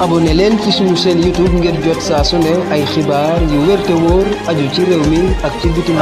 abonné leen ci suñu chaîne YouTube ngir jot saa su ay xibaar yu wér te aju ci réew mi ak ci bitim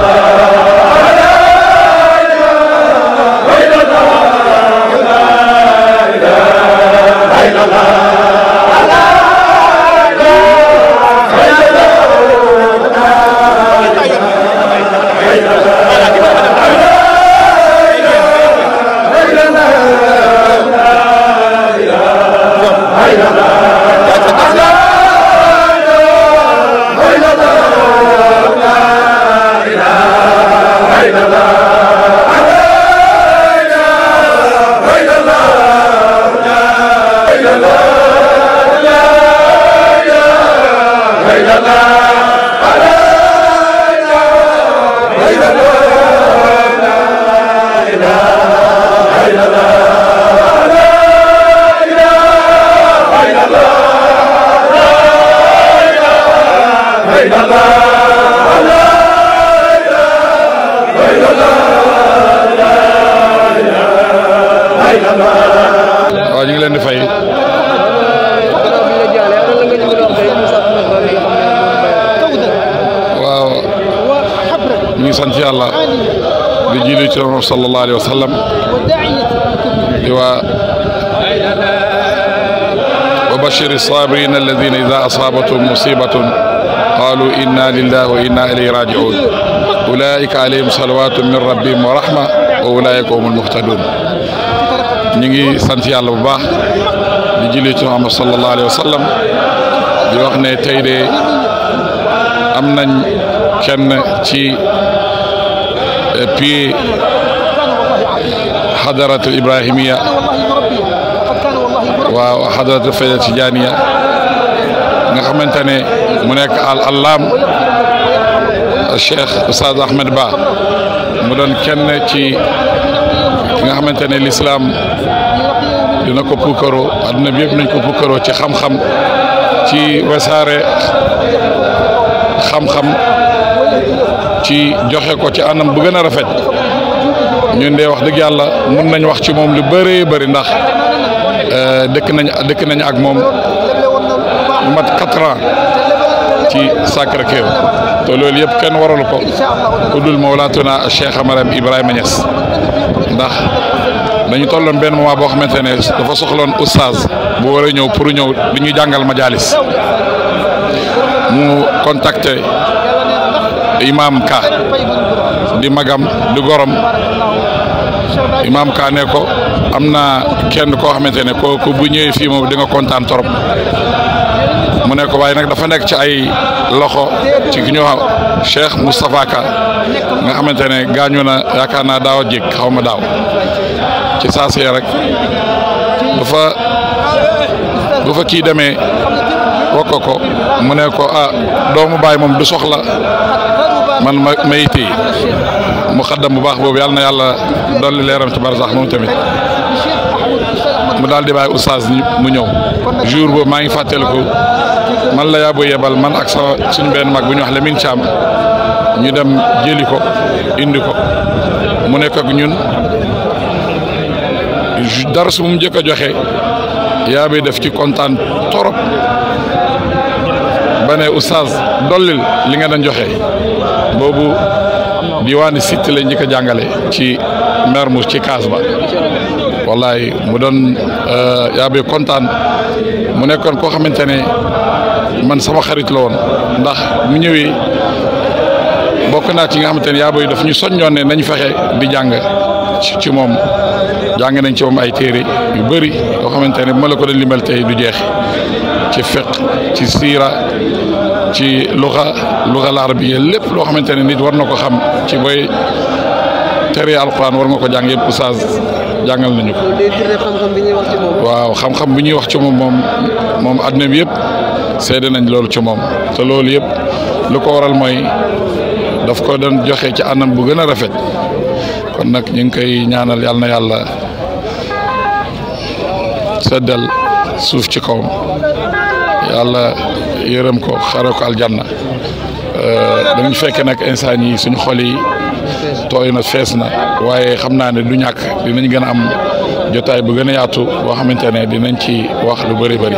sallallahu alayhi wa sallam وبشر الصابرين الذين إذا أصابتهم مصيبة قالوا إنا لله وإنا إليه راجعون أولئك عليهم صلوات من ربهم ورحمة وأولئك هم المهتدون ñu ngi sant yàlla bu baax di julli ci Muhammad sallallahu alayhi wa sallam di wax ne tey de am nañ kenn ci euh, puis xadaratul ibrahimiya waaw xadaratul fayda tijaaniya nga xamante ne mu nekk al allaam cheikh oustaz ahmed ba mu doon kenn ci nga xamante ne lislaam dina ko puukaroo adduna bi yëpp nañ ko puukaroo ci xam-xam ci wasaare xam-xam ci joxe ko ci anam bu gën a rafet ñu de wax dëgg yàlla mun nañ wax ci moom lu bëree bari ndax euh, dëkk nañ dëkk nañ ak moom lu mat quatre ans ci Sacré-Cœur te loolu yëpp kenn waralu ko ku dul Mawlaatuna Cheikh Maram Ibrahima Niass ndax dañu tolloon benn moment boo xamante ne dafa soxloon oustaz bu war ñëw pour ñëw di ñu jàngal majalis mu contacté imam ka di magam di gorom Imaam Ka ne ko am na kenn koo xamante ne kooku bu ñëwee fii moom di nga kontaan torop mu ne ko waaye nag dafa nekk ci ay loxo ci ki ñu wax Cheikh Moustapha Ka nga xamante ne gaañu na yaakaar naa daaw a jékki xaw ma daaw ci saa rek dafa fa fa kii demee wokk ko mu ne ko ah doomu baay moom du soxla. man ma mayit yi mu xaddam bu baax boobu yàlla na yàlla dolli leeram ci barsax moom tamit mu daal di bàyyi oustaz mu ñëw jour boobu maa ngi fàttaliku man la yaa bu yebal man ak sama suñu benn mag bu ñu wax Lamine Thiam ñu dem jëli ko indi ko mu nekk ak ñun dara su mu njëkk a joxe yaa bi def ci kontaan torop bane ne oustaz dollil li nga dan joxe boobu diwaani sitt lañ njëkk jàngale ci Mermoz ci kaas ba wallaay mu doon euh, yaa kontaan mu nekkoon koo xamante ne man sama xarit la woon ndax mu ñëwee bokk naa ci nga xamante ne yaa booy daf ñu soññoon ne nañ fexe di jàng ci moom jàng nañ ci moom ay téere yu bari yoo xamante ne bu ma la ko doon limal tey du jeex ci fiq ci siira ci luxa luxa larabia lépp loo xamante ne nit war na ko xam ci booy tere alquran war ko jàng yëpp saas jàngal nañu ko. waaw xam-xam bi ñuy wax ci moom moom moom àdduna bi yëpp seede nañ loolu ci moom te loolu yëpp lu ko waral mooy daf ko doon joxe ci anam bu gën a rafet kon nag ñu ngi koy ñaanal yàlla na yàlla seddal suuf ci kawam yàlla. yërëm ko xare ko aljanna dañu euh, fekkee nag insaan yi suñu xol yi tooy na fees na waaye xam naa ne du ñàkk dinañ gën a am jotaay bu gën a yaatu boo xamante ne dinañ ci wax lu bëri bëri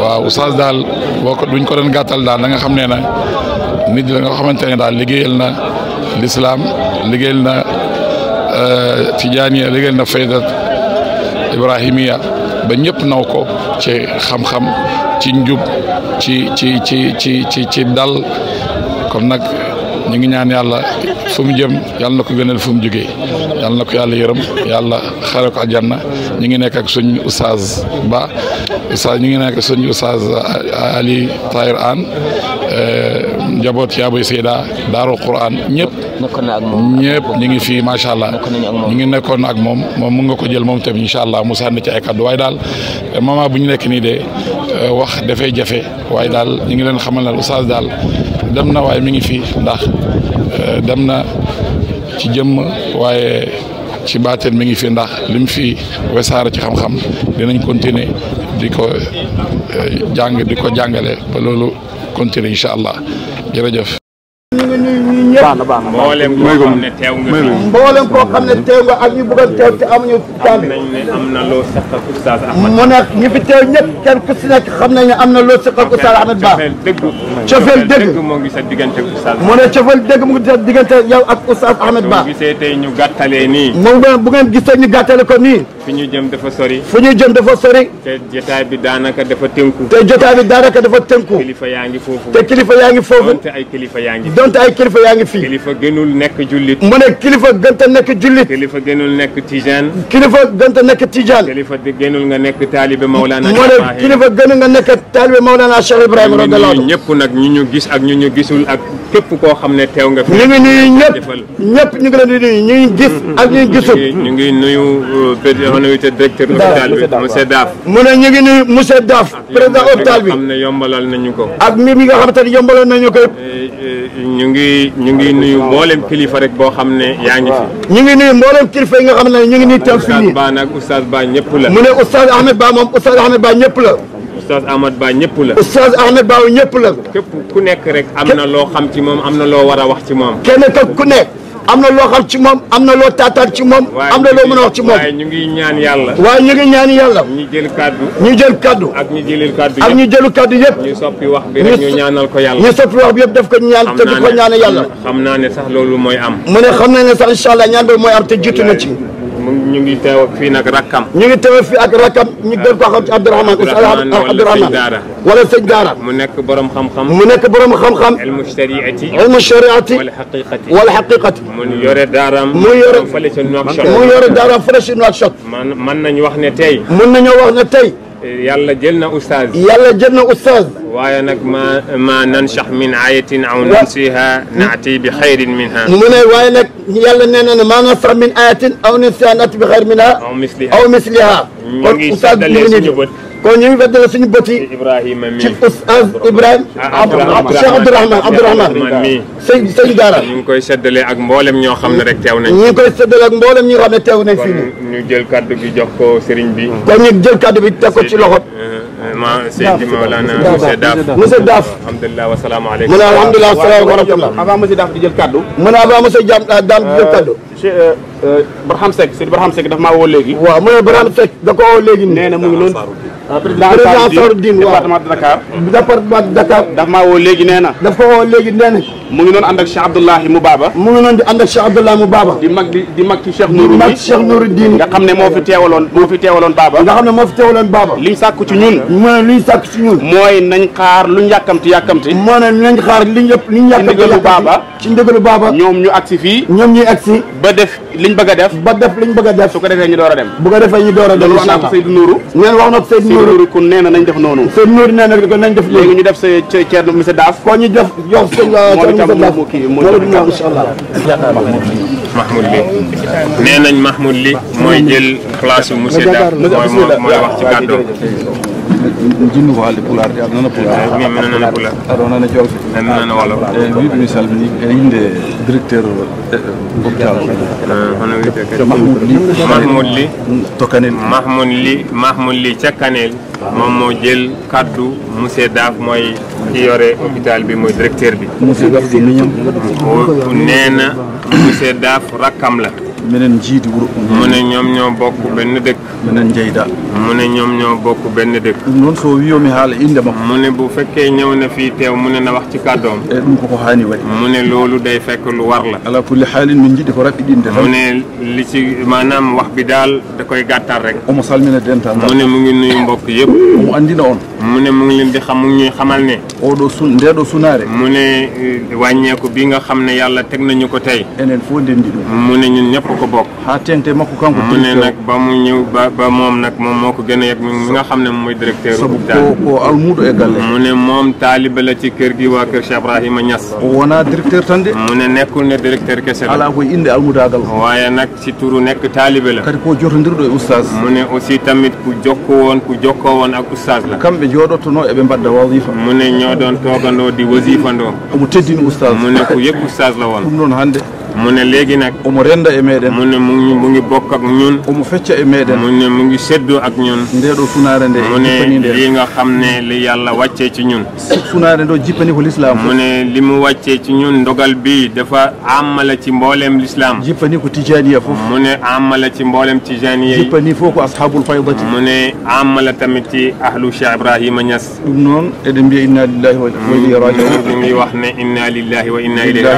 waaw oustaz daal boo duñ ko doon gàttal daal da nga xam ne na nit la nga xamante ne daal liggéeyal na lislaam liggéeyal na euh, tijaaniya liggéeyal na ibrahimiya ba ñëpp naw ko ci xam-xam ci njub ci ci ci ci ci ci dal kon nag ñu ngi ñaan yàlla fu mu jëm yàlla na ko gënal fu mu jógee yàlla na ko yàlla yërëm yàlla xare ko àjjana ñu ngi nekk ak suñ oustaz ba oustaz ñu ngi nekk ak suñ oustaz euh, Ali Tahir euh, njaboot yaa bay Seyda daaru Quran ñëpp ñëpp ñu ngi fii macha allah ñu ngi nekkoon ak moom moom mun nga ko jël moom tamit incha allah mu sànni ci ay kàddu waaye daal moment bu ñu nekk nii de euh, wax dafay jafe waaye daal ñu ngi leen xamal ne oustaz daal dem na waaye mi ngi fii ndax euh, dem na ci jëmm waaye ci baateen mi ngi fi ndax lim fi wesaara ci xam-xam dinañ continuer di ko euh, jàng di ko jàngale ba loolu continuer incha allah jërëjëf. ñëpp baax na baax na mboolem koo xam ne teew nga mboolem koo xam ne teew nga ak ñu bëgg a teew te amuñu temps bi am na loo seq ak Oustaz Ahmed mu nekk ñu fi teew ñëpp kenn ku si nekk xam nañ ne am na loo seq ak Oustaz Ahmed Ba cofeel dëgg mu ngi sa diggante yow ak Oustaz Ahmed Ba gisee tey ñu gàttalee nii moom bu ngeen gisee ñu gàttale ko nii fu ñu jëm dafa sori fu ñu jëm dafa sori te jotaay bi daanaka dafa tënku te jotaay bi daanaka dafa tënku kilifa yaa ngi foofu te kilifa yaa ngi foofu donte ay kilifa yaa ngi fii. kilifa gënul nekk jullit. mu ne kilifa gënta nekk jullit. kilifa gënul nekk tijaan. kilifa gënta nekk tijaan. kilifa gënul nga nekk taalibe Maulana. mu ne kilifa gënul nga nekk taalibe Maulana Cheikh Ibrahima radiyallahu anhu ñëpp nag ñu ñu gis ak ñu ñu gisul ak. képp koo xam ne teew nga fi. ñu ngi nuyu ñëpp ñëpp ñu ngi leen di nuyu ñu ngi gis ak ñu gisul. ñu ngi nuyu euh, président directeur hôpital bi monsieur Daaf. mu ne ñu ngi nuyu monsieur Daaf. président hôpital bi xam ne yombalal nañu ko. ak mbir mi nga xam te ne yombalal nañu ko. Eh, eh, ñu ngi ñu ngi nuyu mboolem kilifa rek boo xam ne yaa ngi fi. ñu ngi nuyu mboolem kilifa yi nga xam ne ñu ngi nii teew fii nii. Oustaz Ba nag Oustaz Ba ñëpp la. mu ne Oustaz Ahmed Ba moom Oustaz Ahmed Ba ñëpp la. Oustaz Ahmad Ba ñëpp la. Oustaz Ahmad Ba ñëpp la. képp ku nekk rek am na loo xam ci moom am na loo war a wax ci moom. kenn ku nekk. am na loo xam ci moom am na loo taataan ci moom. am na loo mën a wax ci moom waaye ñu ngi ñaan yàlla. waaye ñu ngi ñaan yàlla. ñu jël kaddu. ñu jël kaddu. ak ñu jëlil kaddu yëpp ak ñu jëlu kaddu yëpp. ñu soppi wax bi rek ñu ñaanal ko yàlla. ñu soppi wax bi yëpp def ko ñaan te du ko ñaan yàlla. xam naa ne sax loolu mooy am. mu ne xam naa ne sax incha allah ñaan boobu mooy am te jiitu na ci. ñu ngi teew ak fii nag rakkam. ñu ngi teew fii ak rakkam ñu gën ko xam ci Abdourahman Abdourahman wala sëñ Daara. mu nekk borom xam-xam. mu nekk borom xam-xam. ilmu shariati. ilmu shariati. wala xaqiqati. wala xaqiqati. mu yore daaraam. mu yore fële ca Nouakchott. mu yore daaraam fële ca Nouakchott. man mën nañu wax ne tey. mën nañoo wax ne tey. yàlla jël na ustaaz. yàlla jël na ustaaz. waaye nag ma ma nansax min ayatin aw nansiha naati bi xayrin minha. mu ne waaye nag yàlla nee na ne ma nansax min ayatin aw nansiha naati bi xayrin minha. aw misliha aw misliha. ñu ngi seddale suñu bët kon ñu ngi weddale suñu bët yi ci Oustaz Ibrahima a Abdourahmane Abdourahmane sëñ sëñ Daara ñu ngi koy séddale ak mboolem ñoo xam ne rek teew nañ ñu ngi koy séddale ak mboolem ñoo xam ne teew nañ fii nii ñu jël kaddu bi jox ko sëriñ bi kon ñu jël kaddu bi teg ko ci loxo euh, ma Seydi Mawlana monsieur Daaf monsieur Daaf alhamdulilah wa salaamu aleykum mu ne alhamdulilah wa salaamu wa rahmatullah avant monsieur Daaf di jël kaddu mu ne avant monsieur Daam euh, Daam di jël kaddu euh, Barham Seck Seydi Barham Seck daf maa woo léegi waaw mu ne Barham Seck da ko woo léegi nee na mu ngi Euh, président Souroudine waaw département de Dakar. département de Dakar. daf maa woo léegi nee na. daf ko woo léegi nee na. mu ngi noonu ànd ak Cheikh Abdoulahi mu baaba mu ngi noonu di ànd ak Cheikh Abdoulahi mu baaba di mag ci Cheikh Nourou di nga xam ne moo fi teewaloon moo fi teewaloon baaba nga xam ne moo fi teewaloon baaba liñ sàkku ci ñun moo ne liñ sàkku ci ñun mooy nañ xaar luñ yàkkamti yàkkamti moo ne nañ xaar liñ yëpp liñ yàkkamti ci ndigalu baaba ci ndigalu baaba ñoom ñu agsi fii ñoom ñuy agsi ba def liñ a def ba def def su ko defee ñu door a ko defee ñu door a dem wax na ko Seydou Nourou neen wax na ko Nourou kon nee na nañ def noonu sëñ Nourou nee na ko nañ def léegi ñu def sa Thierno monsieur Daaf ko ñu def jox sëñ euh, Thierno monsieur Daaf loolu dina insha li nee nañ Mahmoud li mooy jël place monsieur Daaf mooy mooy ci kàddoom jinnu ko haalde pulaarde aɗa nana pulaar min mi nanana pulaar aɗa nana jolfe mi nanana wolof eyi wiide mi salmini e inde directeur hôpital hono li mahmoud ly mahmoud ly tokkanel mahmoud ly mahmoud ly moom moo jël kaddu monsieur Daaf mooy ki yore hôpital bi mooy directeur bi monsieur Daaf ko miñam nee na monsieur Daaf rakkam la meneen jiitu wuro mu ne ñoom ñoo bokk benn dëkk menen jeyda mu ne ñoom ñoo bokk benn dëkk ɗum noon so wiyomi haala inde makko mu ne bu fekkee ñëw na fii teew mu ne na wax ci kàddoom eyi eh, ɗum koko haani waɗi mu ne loolu day fekk lu war la ala kulli haalin min jiɗi ko raɓɓiɗinde mu ne li ci maanaam wax bi daal da koy gàttal rek omo salmina dental mu ne mu ngi nuyu mbokk yëpp omo andina on mu ne mu ngi leen di xam mu ngi ñuy xamal ne oɗo sun ndeɗo sunaare mu ne eh, wàññeeku bi nga xam ne yàlla teg nañu ko tey ku ko bokk ha ah, a yegg mi nga xam ne mooy directeur hôpital ko almuuɗo e galle mu ne moom taaliba la ci kër gi waa kër Cheikh Ibrahima Niass wona directeur tan de mu ne nekkul ne directeur kese la ala koy inde almudaagal waaye nag ci turu nekk taaliba kadi ko jotondirɗo e oustaz mu ne aussi tamit ku jokko woon ku jokkoo woon ak oustaz la kamɓe jooɗottono eɓe mbadda wasifa mu ne ñoo di wasifa omo teddini oustaz mu ku yëg oustaz la woon ɗum noon hannde omo renda e mee meɗen mu ne mu ngi bokk ak ñun omo fecca e meɗen mu ne mu ngi seddoo ak ñun ndeɗo nde mu ne li nga xam ne li yàlla wàccee ci ñun funare ndo jippani ko l'islam mu ne li mu wàccee ci ñun ndogal bi dafa amala ci mbooleem l'islam jippani ko tijaniya foof mu ne amala ci mbooleem tijaniya yi jippani fof ko ashabul faydati mu ne amala tamit ci ahlu Cheikh Ibrahima Niass ɗum noon eɗen mbiya inna lillahi wa mm, ilayhi ngi wax ne inna lillahi wa inna ilayhi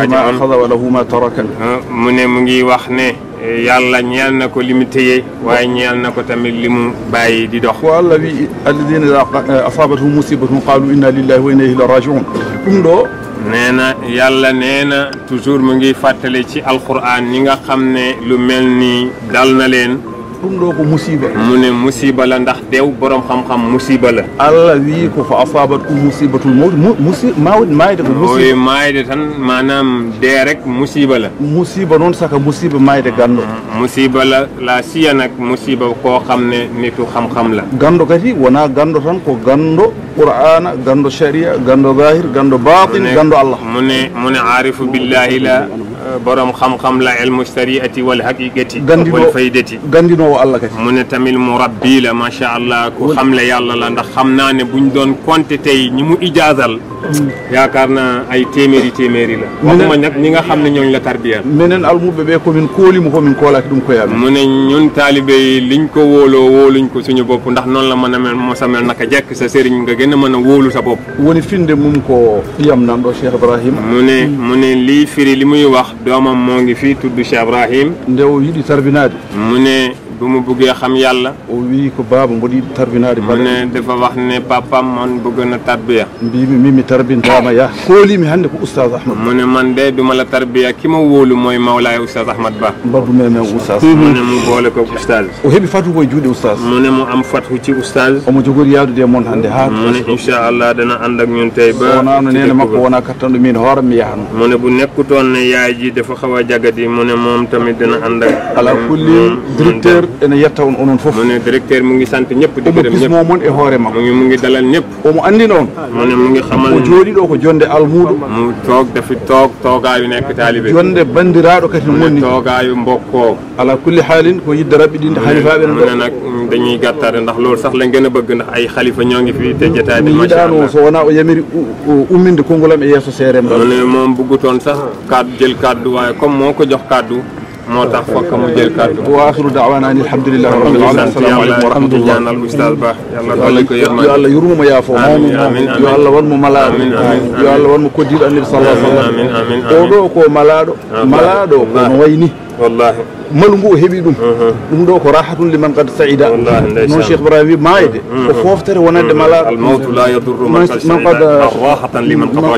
yàlla ñeel na ko li mu téye waaye ñeel na ko tamit li mu bàyyi di dox wallahi alladina idaa eh, asaabathum musibatun qaalu inna lillahi wa inna ilayhi rajiun ɗum ɗo nee na yàlla nee na toujours mu ngi fàttali ci alquran ñi nga xam ne lu mel ni dal na leen ɗum ɗo ko musiba mu ne musiba la ndax deew borom xam-xam musiba la allah wi ko fa asabat ko musibatul mawt musi mawde mayde ko musiba mayde tan manam dee rek musiba la musiba noon saka musiba mayde ganndo mm, musiba la la siya nag musiba koo xam ne nitu xam-xam la ganndo kadi wona ganndo tan ko ganndo qur'ana ganndo sharia ganndo zahir ganndo batin ganndo allah mu borom xam-xam la ilmu shariati wal haqiqati wal faydati gandinoowo allah kati mu ne tamit mu rabbi la macha allah ku xam le yàlla la ndax xam naa ne buñ doon compté tey ñi mu ijaazal mm. yaakaar naa ay téeméeri téeméeri la waxuma nag ñi nga xam ne ñooñ la tarbiya minen almuɓe ɓe komin koolimu komin koolaki ɗum koyaami mu ne ñun ko wóoloo wóoluñ ko suñu bopp ndax noonu la mën a mel mosa mel naka jekk sa sëriñ nga gën a mën a wóolu sa bop woni finde mum ko ƴiyam nan ɗo cheikh ibrahima mu ne firi li muy wax doomam moo ngi fii tudd Cheikh Ibrahim. ndew yi di tarbinaadi. mu ne bu mu bëggee xam yàlla o wi ko baaba mboɗi tarbinade mu ne dafa wax ne papam man bëgg na tarbiya mbimi mimi tarbintama ya koolimi hannde ko oustaz ahmad mu ne duma la tarbiya ki ma wóolu mooy mawlaay oustaz ahmad ba mbaddu memen oustaz mu ne mu boole ko oustaz o heɓi fatu koye juuɗe oustaz mu ne mu am fatu ci oustaz omo jogori yaadude e moon hannde ha mu ne inchallah dana ànd ak ñun tey ba wonano nene makko wona kattanɗo min hoore mi yahano mu ne bu nekkutoon ne yaay ji dafa xaw a jagati mu moom tamit dana ànd ak ene yetta on onon fof mone directeur mu ngi sant ñëpp di gërëm ñëpp omo gis momon e hoore makko mu ngi dalal ñëpp omo andina on o jooɗi ɗo ko jonde almuɗo mu toog dafi toog toogaayu nekk taalibe jonde banndiraaɗo kadi woni toogaayu mbokkoo ala kulli haalin ko yidde raɓɓi ɗinde halifaaɓe ne mune nag dañuy gàttade ndax loolu sax lañ gën a bëgg ndax ay xalifa ñoo ngi fi te mm. jotaade yiɗaano so wonaa o yamiri umminde konngol am e moom buggutoon sax kaddu jël kaddu waaye comme moo ko jox kaddu moo tax fokk mu jël kàddu wa axiru daawaana an alhamdulilah rabbil alamin salaamaaleykum wa rahmatullah ñaanal ustaas baax yàlla dolli ko yërmande yàlla yurmuma yaafo amiin amiin amiin yo allah wanmo malaaɗo yo allah wanmo koddiɗo annabi sallah sallam oɗo ko malaaɗo malaaɗo kono way ni wallahi malu ngu o heeɓi ɗum ɗum ɗo ko rahatun liman kad saida noon cheikh ibrahim wi maayde ko fooftere wonande malaman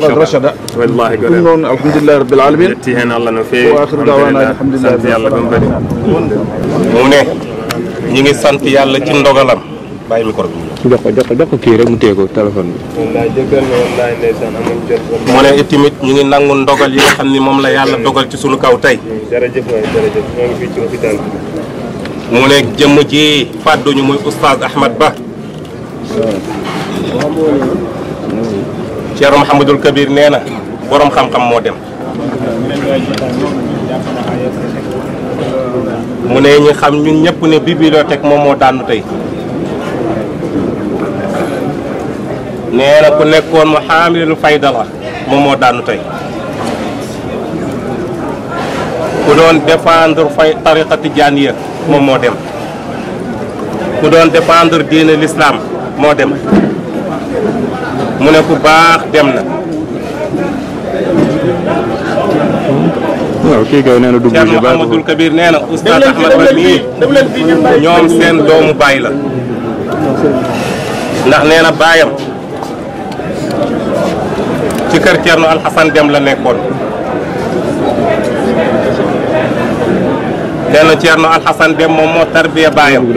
kad rachada ɗum noon alhamdulillahi rabbil alamin wa akhiru dawana alhamdulillahi mune ñi ngi sant yàlla ci ndogalam bàyyi micro jox jox jox kii rek mu téye ko téléphone bi. wallaay jëkkër na mu ne itamit ñu ngi nangu ndogal yi nga xam ni moom la yàlla dogal ci sunu kaw tey. jërëjëf waay jërëjëf ñoo ngi ci hôpital bi. muy oustaz Ahmad Ba. Cheikh Mouhamadul Kabir nee na borom xam-xam moo dem. mu ne ñu xam ñun ñëpp ne bibliothèque moom moo daanu tey. nee na ku nekkoon mu xaamilinu fayda la moom moo daanu tey ku doon défendre fay tariqa tijaaniya moom moo dem ku doon défendre diine l'islam moo dem mu ne ku baax dem na waaw kii kay nee na dugg ci baax Ahmadul Kabir nee na oustaz Ahmad ba mii ñoom seen doomu baay la ndax nee na baayam ci kër Thierno Alxasan Dem la nekkoon nee na Thierno Alxasan Dem moom moo tarbiya baayam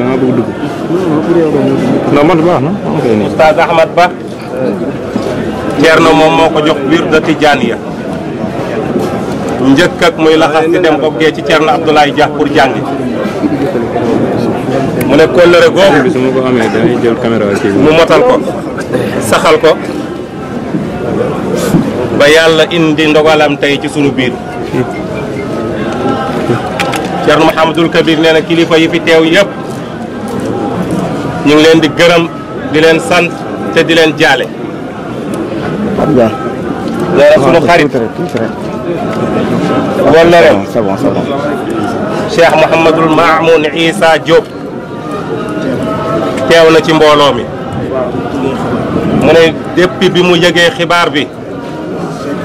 Oustaz Ahmad Ba Thierno moom moo ko jox biir de Tijaaniya njëkk ak muy laxas di dem boggee ci Thierno Abdoulaye Dia pour jàngi mu ne kóllëre googu mu motal ko saxal ko ba yàlla indi ndogalam tey ci sunu biir Thierno Mouhamadul Kabir nee kilifa yi fi teew yëpp ñu ngi leen di gërëm di leen sant te di leen jaale leera sunu xarit wala ren Cheikh Mouhamadul Mamoun Issa Diop teew na ci mbooloo mi mu ne depuis bi mu yëgee xibaar bi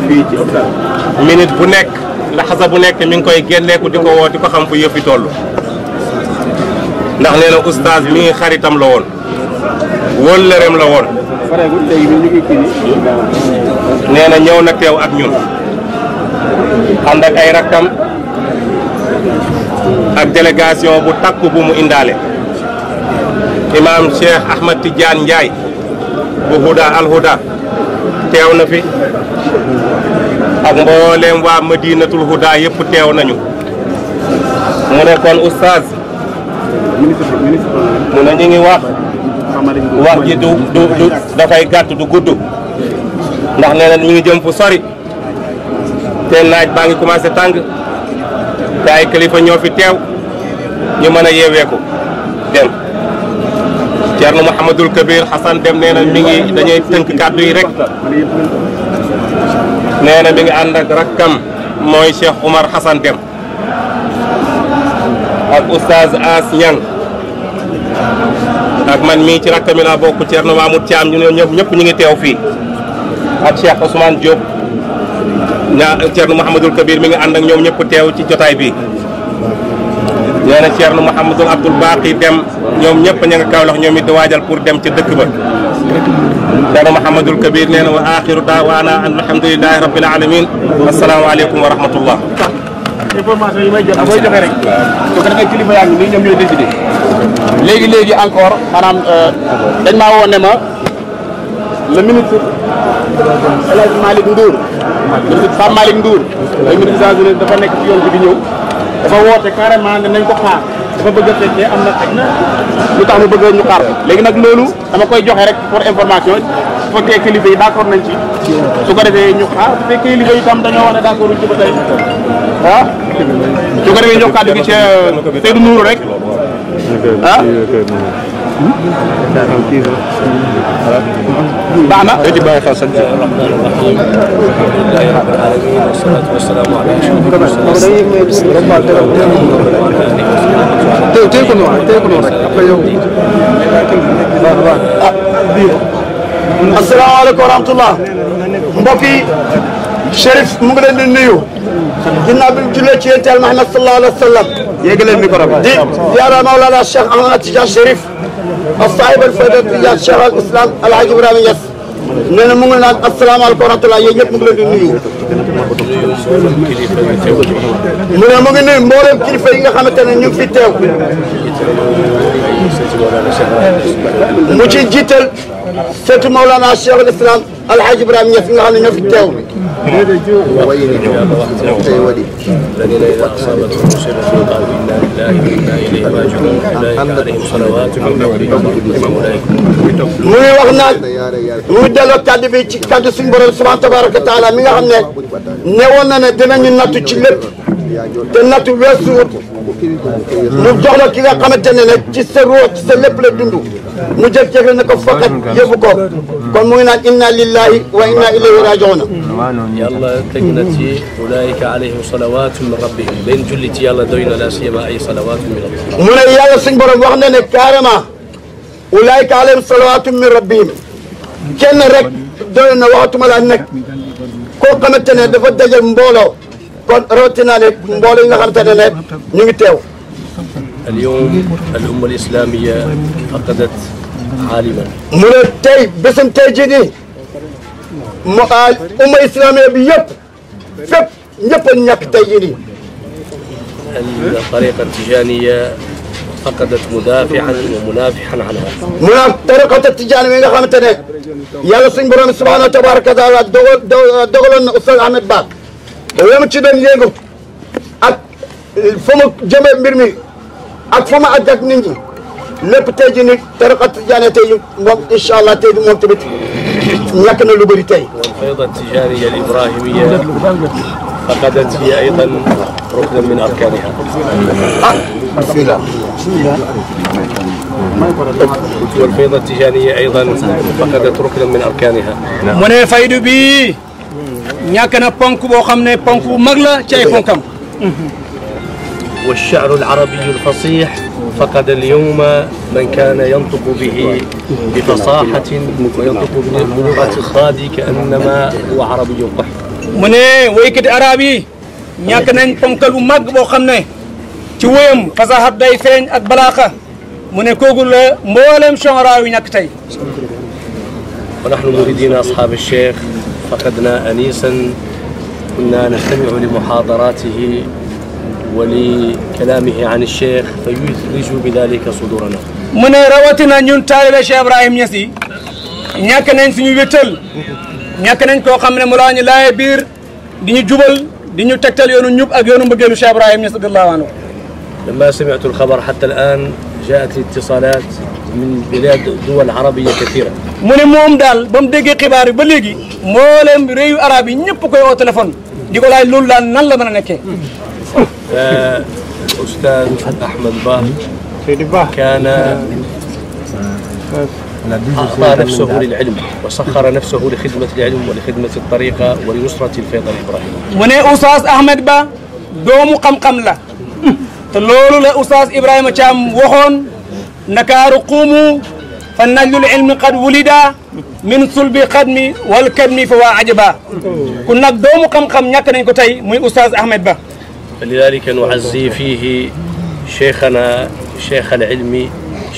fii minute bu nekk laxasa bu nekk mi ngi koy génneeku di ko woo di ko xam fu yëf yi ndax nee na oustaz mi ngi xaritam la woon wóllëreem la woon nee na ñëw na teew ak ñun ànd ay rakkam ak délégation bu takku bu mu indaale imaam Cheikh Ahmad Tidiane Ndiaye bu Huda al Huda teew na fi ak mbooleem waa Madinatul Huda yépp teew nañu mu ne kon oustaz mu ne ñu ngi wax wax ji du dafay gàtt du gudd ndax nee na ñu ngi jëm fu sori te naaj baa ngi commencé tàng te ay kilifa ñoo fi teew ñu mën a yeeweeku dem Ceerno Mouhamadul Kabir Xasan dem nee na mi ngi dañuy tënk kàddu rek nee na bi nga ànd ak rakkam mooy Cheikh Oumar Hassan Dem ak oustaz As Ñang ak man mii ci rakkam yi laa bokk Thierno Mahmoud Thiam ñu ne ñëpp ñëpp ñu ngi teew fii ak Cheikh Ousmane Diop ñaa Thierno Mouhamadul Kabir mi ngi ànd ak ñoom ñëpp teew ci jotaay bi nee na Ceerno Mouhamadul Abdoul Baqi dem ñoom ñëpp ña nga Kaolack ñoom it di waajal pour dem ca dëkk ba Ceerno Mouhamadul Kabir nee na wa axiru daawaana an alhamdulilahi rabbil alamin asalaamaaleykum wa rahmatullah information yi may jot booy joxe rek su ko defee kilifa yaa ngi nii ñoom ñooy décidé léegi léegi encore maanaam euh, dañ maa woon ne ma le ministre El Hadj Malick Ndour le ministre Pape Malick dafa nekk di ñëw dafa woote carrément ne nañ ko xaar dafa bëgg a fekkee am na xaj na lu tax mu bëgg ñu xaar ko léegi nag loolu dama koy joxe rek pour information bu fekkee kilifa yi d'accord nañ ci su ko defee ñu xaar bu fekkee kilifa yi tam dañoo wax ne d'accord ci ba tey ah su ko defee ñu kàddu gi ci euh, Seydou Nourou rek ah baax na da ci bàyyi xel sax tey tey ko noonu tey ko noonu rek après yow ah biir asalaamaaleykum wa rahmatulah mbokk yi Chérif mu ngi leen di nuyu ginnaaw bi mu jullee ci yéen teel Muhammad sallallahu alayhi wa sallam yéegaleen micro bi. di ziara Maulana Cheikh Ahmad Tidiane Chérif as-sahib al-fayda Tidiane Cheikh al islam El Hadj Ibrahima Niass nee na mu ngi naan asalaamaaleykum wa rahmatulah yéen ñëpp mu ngi leen di nuyu. mu ne mu ngi nuyu mboolem kilifa yi nga xamante ne ñu ngi fi teew. mu ci jiital seetu Maulana Cheikh al islam alxaaji Ibrahima Ñas nga xam ne ñoo fi teew bi muy wax naa muy delloo kàddu bi ci kàddu suñu borom subhaana tabaaraka wa taala mi nga xam ne newoon na ne dinañu nattu ci lépp te nattu weesuwut mu jox la ki nga xamante ne nag ci sa ruux ci sa lépp la dund mu jël jël na ko faqat yóbbu ko kon mu ngi naan inna lillahi wa inna ilayhi rajiuna yàlla teg na ci ulaika alayhim salawatun min rabbihim leen julli ci yàlla doy na la siyama ay salawatun min rabbihim mu ne yàlla suñ borom wax na ne carrément ulaika alayhim salawatun min rabbihim kenn rek doy na waxatuma laa nekk koo xamante ne dafa dajal mbooloo kon rawatina ne mbooloo yi nga xamante ne ne ñu ngi teew اليوم الأمة الإسلامية فقدت mu ne tey bésam tey jii nii mu aal umma islamiya bi yëpp fépp ñëpp a ñàkk tey jii nii. الطريقة التجانية فقدت مدافعا ومنافحا عنها mu naan tariqata tijaani mi nga xamante ne yàlla suñ borom subhaanahu wa tabaaraka wa taala dogaloon na Oustaz Ahmed Ba yam ci doon yéegu ak eh, fa mu jëmee mbir mi ak fa mu àgg ak nit ñi lépp tey jii nii tariqa tijaane tey moom incha allah tey moom tamit ñàkk na lu bëri tey. والفيضة التجارية الإبراهيمية فقدت هي أيضا ركنا من أركانها. بسم الله. والفيضة التجارية أيضا فقدت ركنا من أركانها. mu ne faydu bi ñàkk na ponk boo xam ne ponk bu mag la ci ay ponkam. والشعر العربي الفصيح فقد اليوم من كان ينطق به بفصاحة وينطق به بلغة الخادي كأنما هو عربي قحط mu ne woykati arab yi ñàkk nañ ponkal bu màgg boo xam ne ci woyam fasaxat day feeñ ak balaaxa mu ne kooku la mbooleem chanra yu ñàkk tey wa nahnu muridina ashab alcheikh faqadna anisan kunna nastamiu li muhadaratihi ولكلامه عن الشيخ فيثلج بذلك صدورنا mu ne rawatina ñun taalibe Cheikh Ibrahim Niass yi ñàkk nañ suñu wéttal ñàkk nañ koo xam ne mu laa ñu laaye biir di ñu jubal di ñu tegtal yoonu ñub ak yoonu mbëggeelu Cheikh Ibrahim Niass radiyallahu anhu لما سمعت الخبر حتى الآن جاءت اتصالات من بلاد دول عربية كثيرة mu ne moom daal ba mu déggee xibaar yi ba léegi mboolem réewu arab yi ñëpp koy woo téléphone di ko laaj loolu daal nan la mën a nekkee الأستاذ أحمد باه كان أعطى نفسه للعلم وسخر نفسه لخدمة العلم ولخدمة الطريقة ولنصرة الفيضان الإبراهيم mu ne Oustaz Ahmed Ba doomu xam-xam la te loolu la Oustaz Ibrahima Thiam waxoon nakaaru quumu fa najlul ilmi qad wulida min sulbi xadmi wal kadmi fa waa ajaba kun nag doomu xam-xam ñàkk nañ ko tey muy Oustaz Ahmed Ba فلذلك نعزي فيه شيخنا شيخ العلم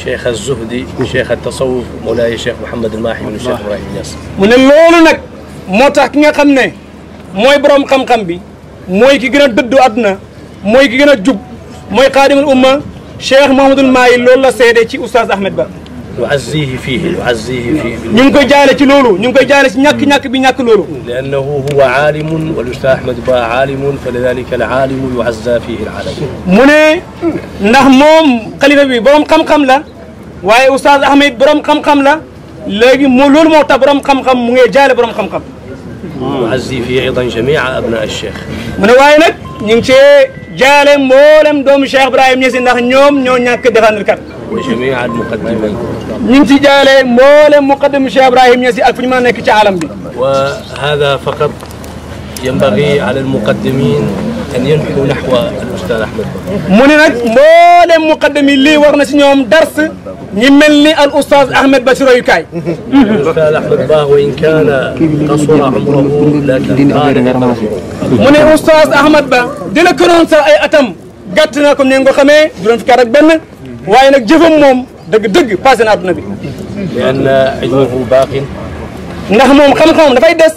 cheikh az-zuhdi cheikh at-tasawuf Mawlaay cheikh Mouhamed al-Mahi ibn Cheikh Ibrahim Niass. mu ne loolu nag moo tax ki nga xam ne mooy borom xam-xam bi mooy ki gën a dëddu àdduna mooy ki gën a jub mooy xaadimul umma cheikh Mouhamed al-Mahi loolu la seede ci oustaz Ahmed Ba. yuazzihi fiihi yuazzihi fiihi ñu ngi koy jaale ci loolu ñu ngi koy jaale ci ñàkk-ñàkk bi ñàkk loolu liannahu huwa aalimun wal ustaz Ahmad Ba aalimun fa lidalika al aalimu yuazza fiihi al aalim mu ne ndax moom xalifa bi borom xam-xam la waaye ustaz Ahmed borom xam-xam la léegi moo loolu moo tax borom xam-xam mu ngi jaale borom xam-xam yuazzi fiihi aydan jamia abna al cheikh mu ne waaye nag ñu ngi cee jaale mboolem doomu Cheikh Ibrahim Niass ndax ñoom ñoo ñàkk defandkat ñu ngi ci jaale mboolem muqaddam Cheikh Ibrahim Niass ak fu ñu mën a nekk ci alam bi. wa hada faqat yanbaghi ala al-muqaddimin an yanfiru nahwa al-ustaz Ahmed Ba. mu ne nag mboolem muqaddam yi lii war na si ñoom dars ñi mel ni al-ustaz Ahmed Ba si royukaay. al-ustaz Ahmed Ba wa in kana qasara umruhu lakin mu ne ustaz Ahmed Ba dina kënoon sax ay atam gàtt na comme ni nga ko xamee juróom fukki at ak benn. waaye nag jëfam moom dëgg-dëgg passé na adduna bi li ann ilmuhu baaqin ndax moom xam-xamam dafay des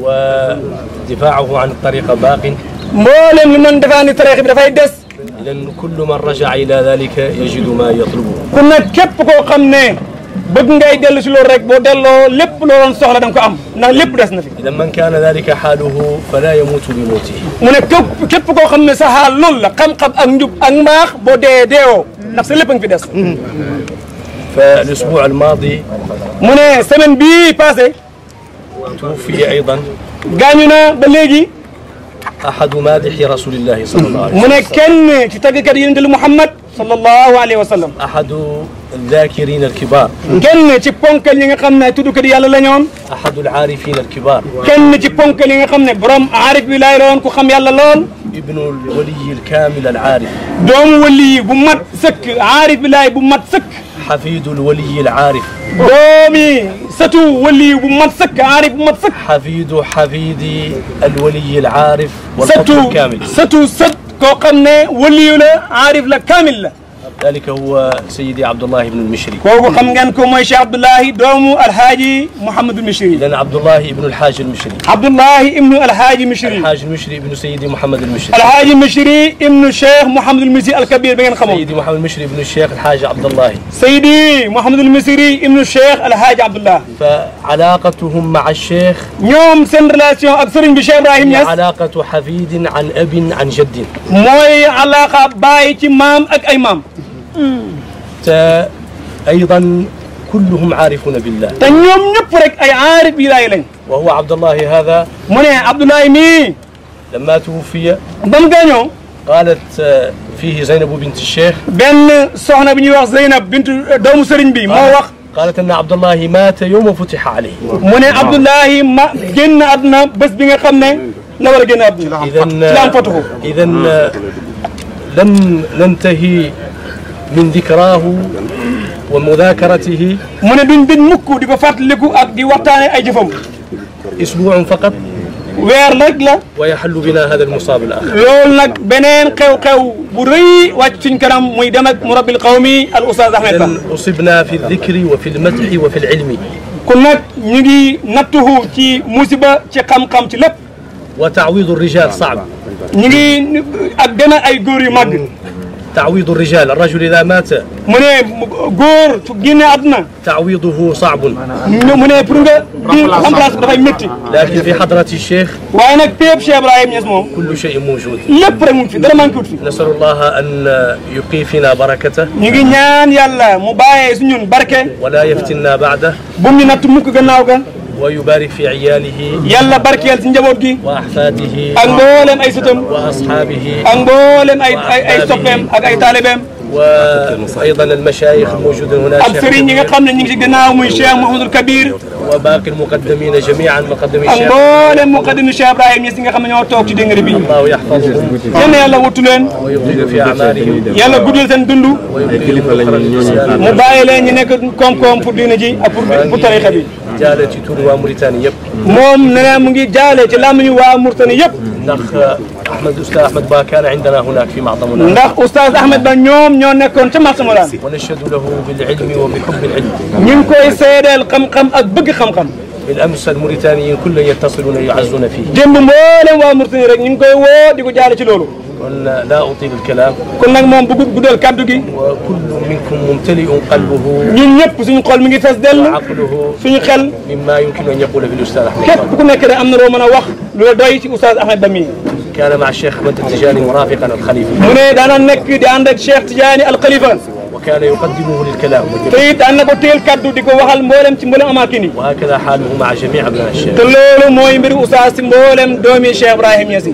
wa difaahu an tariqa baaqin mbooleem li man defaa ni tariqa bi dafay des idan kullu man rajaca ila dalika yajidu ma yatlubu ku nag képp koo xam ne bëgg ngay dellu si loolu rek boo delloo lépp loo doon soxla da nga ko am ndax lépp des na fi idan man kaana dalika xaaluhu fala yamuutu bi mawtihi mu ne képp képp koo xam ne sa xaal loolu la xam-xam ak njub ak mbaax boo dee deewoo ndax sa lépp a ngi fi des fa al usbuu al maadi mu ne semaine bii passé tuufiya aydan gaañu na ba léegi أحد مادح رسول الله صلى الله عليه وسلم من كان تتقك يندل محمد صلى الله عليه وسلم أحد الذاكرين الكبار كان تبونك اللي خمنا تدوك ديال الله نيوم أحد العارفين الكبار كان تبونك اللي خمنا برام عارف بلا يرون كو خم يالا لون ابن الولي الكامل العارف دوم ولي بمت سك عارف بلا بمت سك xafiidul waliyil aarif. doomi sëtu wali bu mat sëkk aarif bu mat sëkk. xafiidu xafiidi al waliyil aarif. wal kaamil sëtu sëtu sët koo xam ne waliyu la aarif la kaamil la. ذلك هو سيدي عبد الله بن المشري kooku xam ngeen ko mooy Cheikh Abdoulahi doomu Alhaaji Mouhamadou Michri dan Abdoulahi ibnu Alhaaji Michri Abdoulahi ibnu Alhaaji Michri Alhaaji Michri ibnu Seyidi Mouhamadou Michri Alhaaji Michri ibnu Cheikh Mouhamadou Michri Alkabir bi ngeen xamoon Seyidi Mouhamadou Michri ibnu Cheikh Alhaaji Abdoulahi Seyidi Mouhamadou Michri ibnu Cheikh Alhaaji Abdoulahi fa alaaqatuhum maa Cheikh ñoom seen relation ak sëriñ bi Cheikh Ibrahim Niass alaaqatu xafidin an abin an jaddin mooy alaaqa baay ci maam ak ay maam te aydan kulluhum aarifuna billah te ñoom ñëpp rek ay aarif billahi lañ wa huwa abdullahi hada mu ne abdullahi mii lamma tuwuffiya ba mu gaañoo qaalat uh, fiihi zeynabu binti cheikh benn soxna bi ñuy wax zeynab bintu uh, doomu sëriñ bi moo wax qaalat anna abdullahi maata yowma futiha alayhi mu ne abdullahi ma génn àdduna bés bi nga xam ne la war a génn àdduna uh, ci la am foto ko idan lan nantahi min dikraahu wa mudakaratihi mu ne duñ bin mukk di ko fàttaliku ak di waxtaane ay jëfam isbuun faqat weer nag la wa yaxallu bina hada almusaab al axir loolu nag beneen xew-xew bu rëy wàcc suñ kanam muy dem ak murabbil qawmi al ustaaz Ahmed Ba usibna fi dikri wa fi lmadxi wa fi lilmi kon nag ñu ngi nattuhu ci musiba ci xam-xam ci lépp wa taawidu rijal saab ñu ngi ak dana ay góor yu màgg تعويض الرجال الرجل إذا مات mu ne góor su génnee àdduna تعويضه صعب mu ne pour nga di remplace bi dafay métti لكن في حضرة الشيخ waaye nag pépp Cheikh Ibrahim Niass moom كل شيء موجود lépp rek mu ngi fi dara manqué wut fi نسأل الله أن يقي فينا بركته ñu ngi ñaan yàlla mu bàyyee su ñun barke ولا يفتنا بعده bu mu ñu natt mukk gannaaw ga wa yubarik fi iyaalihi yàlla barkeel si njaboot gi wa ahfaadihi ak mbooleem ay sëtam wa ashaabihi ak mbooleem ay ay soppeem ak ay taalibeem وايضا المشايخ الموجودين هناك ak sëriñ ñi nga xam ne ñu ngi si gannaaw muy Cheikh Mouhamadul Kabir وباقي المقدمين جميعا مقدمي الشيخ mboolem muqaddami Cheikh Ibrahim ñi si nga xam ne ñoo toog ci déngri bi الله يحفظهم yéen yàlla wattu leen ويطيل في أعمارهم yàlla guddal seen dund mu bàyyi leen ñu nekk koom-koom pour diina ji ak pour pour tarixa bi jaale ci tur waa Mauritanie yëpp moom nee na mu ngi jaale ci làmmiñu waa Mauritanie yëpp ndax euh, Ahmed Oustaz Ahmed Ba kaana indana hunaak fi macdamuna. ndax Oustaz Ahmed Ba ñoom ñoo nekkoon ca Macdamoulaan. wa nashhadu lahu bil ilmi wa bi hubbil ilm. ñu ngi koy seedeel xam-xam ak bëgg xam-xam. bil amsi al-mauritaniyiin kullan yattasiluuna yu'azzuuna fiihi. démb mboolem waa Mauritanie rek ñu ngi koy woo di ko jaale ci loolu. ولا لا أطيل الكلام kon nag moom bëgg guddal kaddu gi وكل منكم ممتلئ قلبه ñun ñëpp suñu xol mi ngi fees dell وعقله suñu xel مما يمكن أن يقول في الأستاذ أحمد képp ku nekk rek am na loo mën a wax lu la doy ci Oustaz Ahmed Bami كان مع الشيخ أحمد التجاني مرافقا الخليفة mu ne daana nekk di ànd ak Cheikh Tidiane Al Khalifa wa kaana yuqaddimuhu lil kalaam te it daan na ko teel kaddu di ko waxal mboolem ci mboolem amaakin yi. wa hakada xaaluhu maa jamii abnaa Cheikh. te loolu mooy mbiru Oustaz si mboolem doomi Cheikh Ibrahim Niass.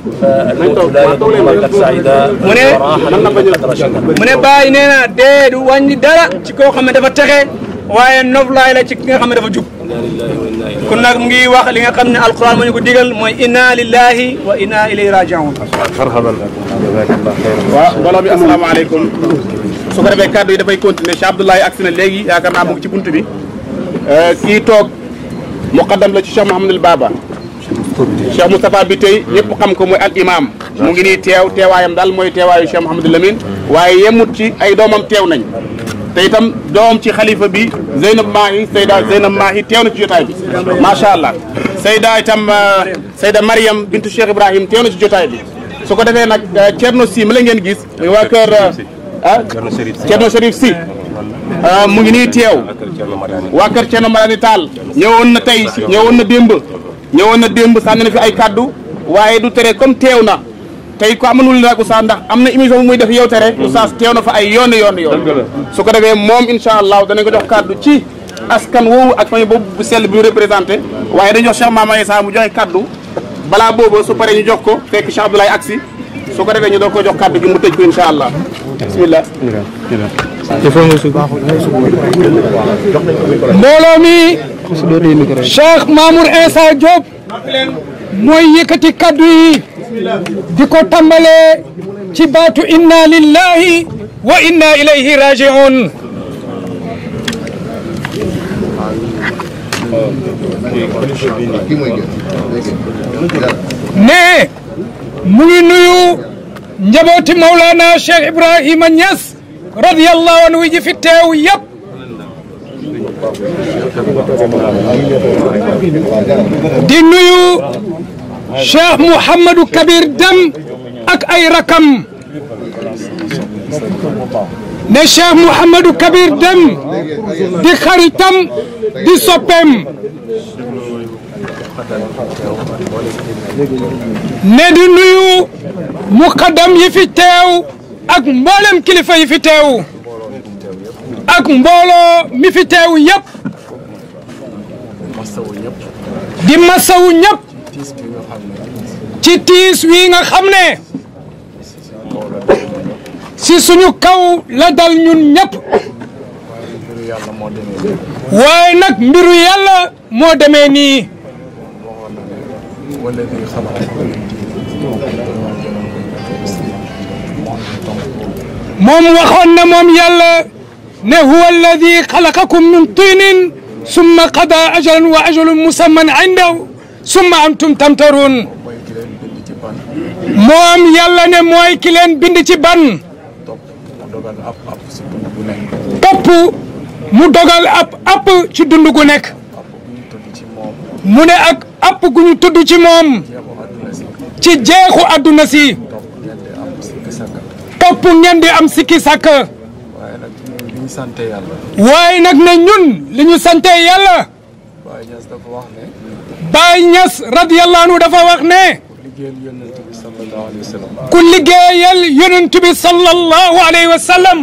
mu ne mu ne Baye nee na dee du wàññi dara ci koo xam ne dafa texe waaye noflaay la ci ki nga xam ne dafa jub. kon nag mu ngi wax li nga xam ne alquran moo ñu ko digal mooy inna lillahi wa inna ilayhi rajiun. waaw mbooloo bi asalaamaaleykum. su ko defee kàddu yi dafay continuer Cheikh Abdoulaye agsi na léegi yaakaar naa mu ngi ci bunt bi euh, kii toog muqaddam la ci Cheikh Mouhamadul Baba Cheikh Moustapha bi tey ñëpp xam ko mooy al imam mu ngi nii teew teewaayam daal mooy teewaayu Cheikh Mouhamadou Lamine waaye yemut ci ay doomam teew nañ te tam doom ci xalifa bi Zeynab Mahi Seyda Zeynab Mahi teew na ci jotaay bi macha allah Seyda itam euh, Seyda Mariam bintu Cheikh Ibrahim teew na ci jotaay bi su ko defee nag euh, Thierno Sy ma la ngeen gis waa ah Cerno Cherif si ah, mu ngi nii teew waa kër Cerno Madani Tall ñëwoon na tey ñëwoon na démb ñëwoon na démb sànni na fi ay kàddu waaye du tere comme teew na tey ko amanul ko oustaz ndax am na émission bu muy def yow tere oustaz teew na fa ay yoon yoon yoon su ko defee moom incha allah dana ko jox kàddu ci askan woowu ak famille boobu bu sell bi représenté waaye dañ jox Cheikh Mama saa mu joxe kàddu balaa boobu su paree ñu jox ko fekk Cheikh Abdoulaye aksi su ko defee ñu doon ko jox kàddu gi mu tëj ko incha allah. bisimilah. mbooloo di ko tàmbalee ci baatu inna lillahi wa inna ilayhi rajiun. mu ngi nuyu njabooti Maulana Cheikh Ibrahima Niass radiyallahu anhu ji fi teew yëpp. di nuyu Cheikh Mouhamadou Kabir Deme ak ay rakam. ne Cheikh Mouhamadou Kabir Deme di xaritam di soppeem. ne di nuyu muqaddam yi fi teew ak mboolem kilifa yi fi teew ak mbooloo mi fi teew yëpp di masawu ñëpp ci tiis wi nga xam ne si suñu kaw la dal ñun ñëpp waaye nag mbiru yàlla moo demee nii والذي خلقكم moom waxoon na moom yàlla ne huwa alladi xalaqakum min tinin summa qada ajalan wa ajalun musamman indahu summa antum tamtarun moom yàlla ne mooy ki leen bind ci ban topp mu dogal ab ab ci dund gu nekk mu ne ak app gu ñu tudd ci moom ci jeexu adduna si topp ngeen di am sikki sàkk waaye nag ne ñun li ñu sante yàlla Baye Niass dafa radiyallahu anhu dafa wax ne ku liggéeyal yonent bi sallallahu alayhi wa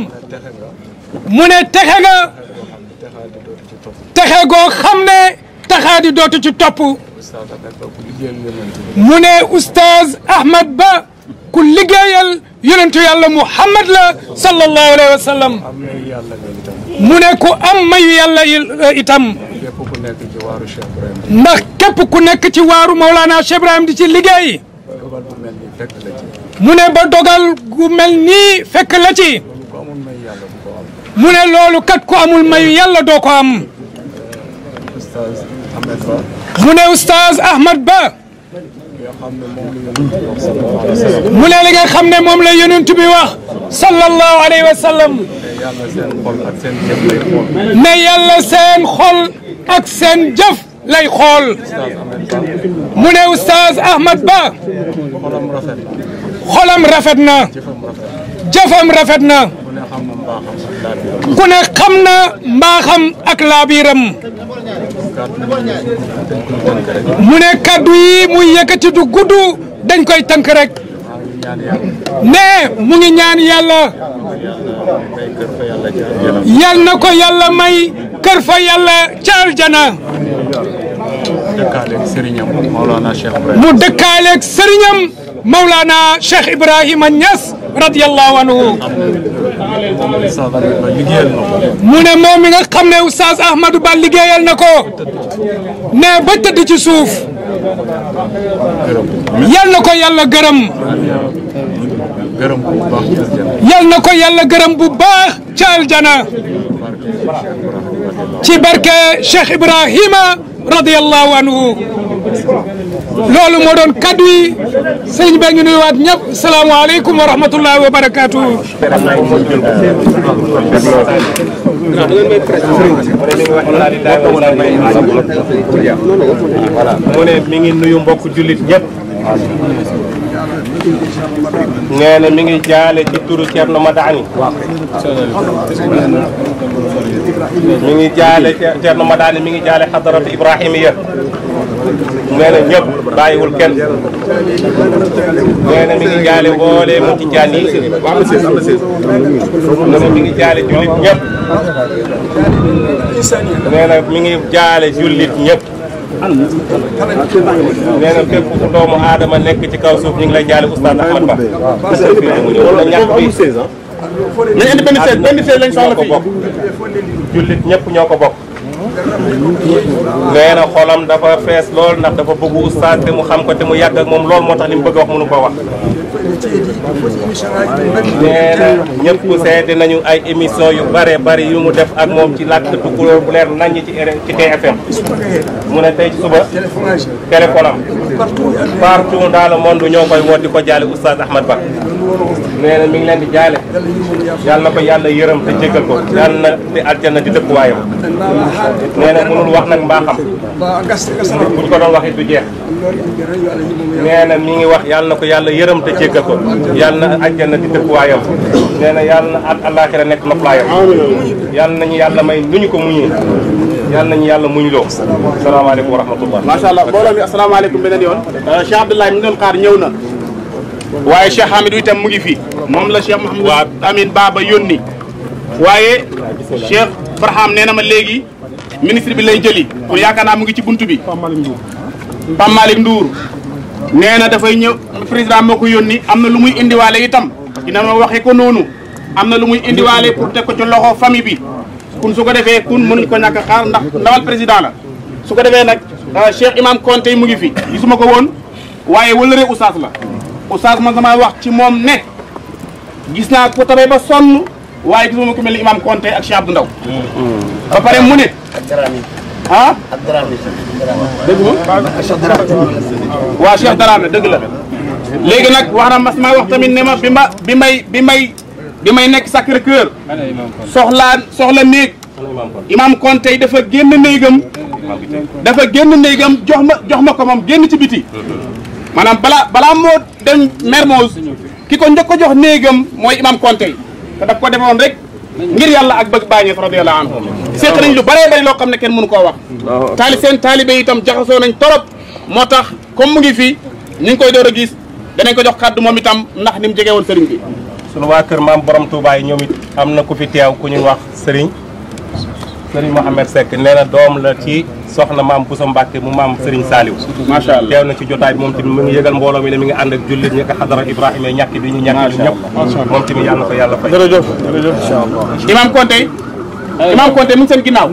mu ne texe nga texe goo xam ne taxaadi dootu ci topp mu ne oustaz Ahmad Ba ku liggéeyal yonentu yàlla Muhammad la sallallahu alayhi wa sallam mu ne ku am mayu yàlla eh, itam ndax képp ku nekk ci waaru Mawlana Cheikh Ibrahim di ci liggéey mu ne ba dogal gu mel nii fekk la ci mu ne loolu kat ku amul mayu yàlla doo ko am mu ne oustaz Ahmad Ba mu ne li nga xam ne moom la yonent bi wax sallallahu alayhi wa sallam ne yàlla seen xol ak seen jëf lay xool mu ne oustaz Ahmad Ba xolam rafet na jëfam rafet na ku ne xam na mbaaxam ak laabiram mu ne kaddu yi muy yëkkati du gudd dañ koy tënk rek ne mu ngi ñaan yàlla yal na ko yàlla may kër fa yàlla ca aljana mu dëkkaaleeg sëriñam Mawlana Cheikh Ibrahima Niass radiyallahu anhu mu ne moom mi nga xam ne Oustaz Ahmadou Ba na ko ne ba tëdd ci suuf yal na ko yàlla gërëm yal a ko yàlla gërëm bu baax ci barke Cheikh Ibrahima radiyallahu anhu loolu moo doon kaddu yi sëñ ba ngi nuyuwaat ñëpp salaamaaleykum wa rahmatullahi wa mi ngi nuyu mbokku jullit ñëpp. nee na mi ngi jaale ci turu Thierno Madani. mi ngi jaale xadaratu Ibrahimiya nee na ñëpp bàyyiwul kenn nee na mi ngi jaale mbooleem ci jaan yi mi ngi jaale jullit ñëpp nee mi ngi jaale jullit ñëpp nee na képp ku doomu aadama nekk ci kaw suuf ñu ngi lay jaale oustaz Ahmad Ba da ñàkk bi na indi benn seet benn seet lañ soxla fii jullit ñëpp ñoo ko bokk nee na xolam dafa fees lool ndax dafa bëgg oustaz te mu xam ko te mu yàgg ak moom lool moo tax li mu bëgg wax mënu ko wax. nee na ñëpp seede nañu ay émission yu bare bari yu mu def ak moom ci làkk tukulóor bu leer naññ ci ci TFM. mu ne tey suba téléphone am. partout dans le monde ñoo koy woo di ko jaale oustaz Ahmad Ba. nee na mi ngi leen di jaale yàlla na ko yàlla yërëm te jéggal ko yàlla na di aljanna di dëkkuwaayam nee na mënul wax nag mbaaxam buñ ko doon wax it du jeex nee mi ngi wax yàlla na ko yàlla yërëm te jéggal ko yàlla na aljanna di dëkkuwaayam nee na yàlla na at àllaaxira nekk noppalaayam yàlla nañu yàlla may nuñu ko mu muñee yàlla nañu yàlla mu ñu loo salaamaaleykum wa rahmatullah macha allah mbooloo mi asalaamaaleykum beneen yoon Cheikh Abdoulaye mi na waaye Cheikh Hamidou itam mu ngi fi moom la mu Cheikh Mouhamadou Amine Baba yónni waaye Cheikh Barham nee na ma léegi ministre bi lay jëli kon yaakaar naa mu ngi ci bunt bi Pam Malick Ndour nee na dafay ñëw président moo ko yónni am na lu muy indiwaale itam dina ma waxee ko noonu am na lu muy indiwaale pour teg ko ci loxo famille bi kun su ko defee kun mënuñ ko ñàkk xaar ndax ndawal président la su ko defee nag euh, Cheikh Imam Konté mu ngi fi gisuma ko woon waaye wëlëree oustaz la oustaz man sama wax ci moom ne gis naa ku tabe ba sonn waaye gisuma ku mel ni imam Konté ak Cheikh Abdou mm. ba pare mu ne ah dëgg waaw Cheikh Dramé dëgg la léegi nag wax na mas maa wax tamit ne ma bi may bi may bi may nekk Sacré-Cœur soxlaa soxla néeg imam Konté dafa génn néegam dafa génn néegam jox ma jox ma ko moom génn ci biti maanaam balaa balaa moo dem Mermoz ki ko njëkk ko jox néegam mooy imam Konté te daf ko defoon rek ngir yàlla ak bëgg bàññees radiyallahu anhu seq nañ lu bare bëri loo xam ne kenn mënu koo wax taali seen taalibe itam jaxasoo nañ torop moo tax comme mu ngi fii ñu koy door a gis danañ ko jox kàddu moom itam ndax ni mu woon sëriñ bi sunu waa kër maam borom Touba yi ñoom it am na ku fi teew ku ñuy wax sëriñ sëriñ Mouhamed Seck nee na doom la ci soxna maam Bousso Mbacke mu maam sëriñ Saliou macha allah teew na ci jotaay bi moom tamit mu ngi yëgal mbooloo mi ne mi ngi ànd ak jullit ñi ko xadara Ibrahima ñàkk bi ñu ñàkk bi ñëpp moom tamit yàlla ko yàlla fay jërëjëf jërëjëf imaam Konte imaam Konte mu ngi seen ginnaaw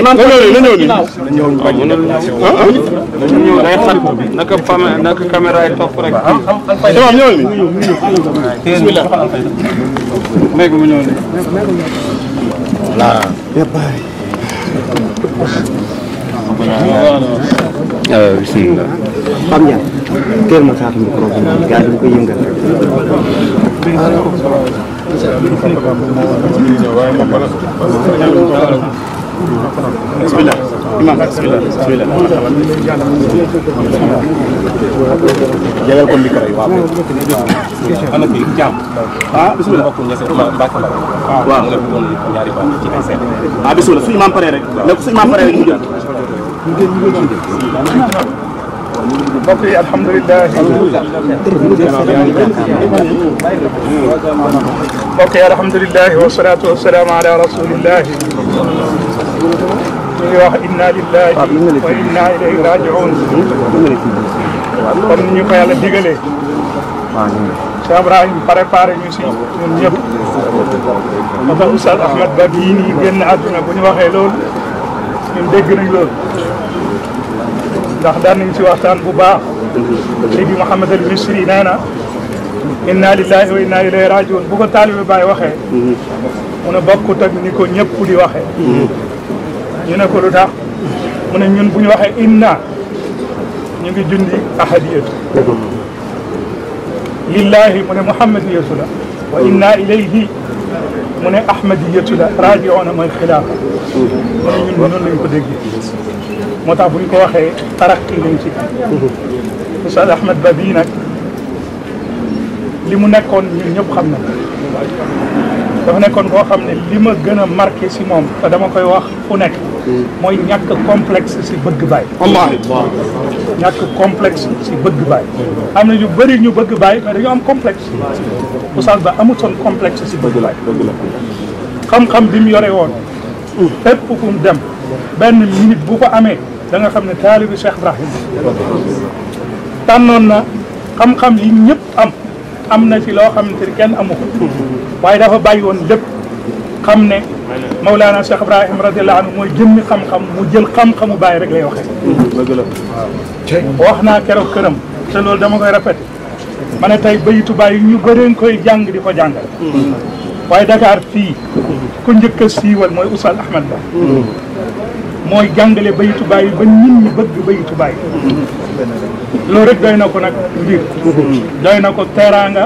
imaam Konte na ñëw nii na ñëw nii day xar ah, ah. naka pame naka caméra yi topp rek ah, imaam ñëw nii bismillah mu ñëw nii 나 예뻐요. 아, bismillah. 밤양. teel ma saatu micro bi gars yi dañ koy yëngal rek. imam bismillah bismillah jagal ko micro yi waaw ana fi jaam ah bismillah bokku ñëss baax la waaw nga bëggoon ñaari baax ci ay seen ah bismillah suñu maam paré rek ne ko suñu maam paré rek ñu jël mbokk yi alhamdulilah mbokk yi alhamdulilah wa salaatu wa salaam ala rasulillah di wax inna lillahi wa inna ilayhi raji'un comme ni ñu ko yàlla digalee. Cheikh Ibrahim préparé ñu si ñun ñëpp. parce que Oustaz Ahmad Ba bii nii génn àdduna bu ñu waxee loolu ñun dégg nañ loolu. ndax daan nañ si waxtaan bu baax. léegi Mouhamed al Misri nee na. inna lillahi wa inna ilayhi raji'un bu ko taalibe Baay waxee. Mm-hmm. mu ne bokkut ak ni ko ñëpp di waxee. Mm-hmm. ñu ne ko lu tax mu ne ñun bu ñu waxee inna ñu ngi jundi ahadiyatu lillahi mu ne muhammadiyatu la wa inna ilayhi mu ne ahmadiyatu la rajiona mooy xilaafa mu ne ñun noonu lañ ko déggee moo tax bu ñu ko waxee tarakki lañ ci ustaz ahmad ba bii nag li mu nekkoon ñun ñëpp xam na nekkoon koo xam ne li ma gën a marqué si moom te dama koy wax fu nekk mooy ñàkk complexe si bëgg baay Allah ñàkk complexe si bëgg baay am na ñu bëri ñu bëgg baay mais dañoo am complexe Oustaz Ba amutoon complexe si bëgg baay xam-xam bi mu yore woon fépp fu mu dem benn minute bu ko amee da xam ne taalibi Cheikh Ibrahim tànnoon na xam-xam yi ñëpp am am na ci loo xamante ni kenn amu waaye dafa bàyyi woon lépp xam ne Mawlana Cheikh Ibrahim radiyallahu anhu mooy jëmmi xam-xam mu jël xam-xamu bàyyi rek lay waxee. dëgg la waaw. wax naa keroog këram te loolu dama koy répété ma ne tey bayitu bàyyi ñu bëreen koy jàng di ko jàngal. waaye Dakar fii ku njëkk a siiwal mooy Oustaz Ahmad Ba. mooy jàngale bayitu bàyyi ba nit ñi bëgg bayitu bàyyi. loolu rek doy na ko nag mbir. doy na ko teraanga.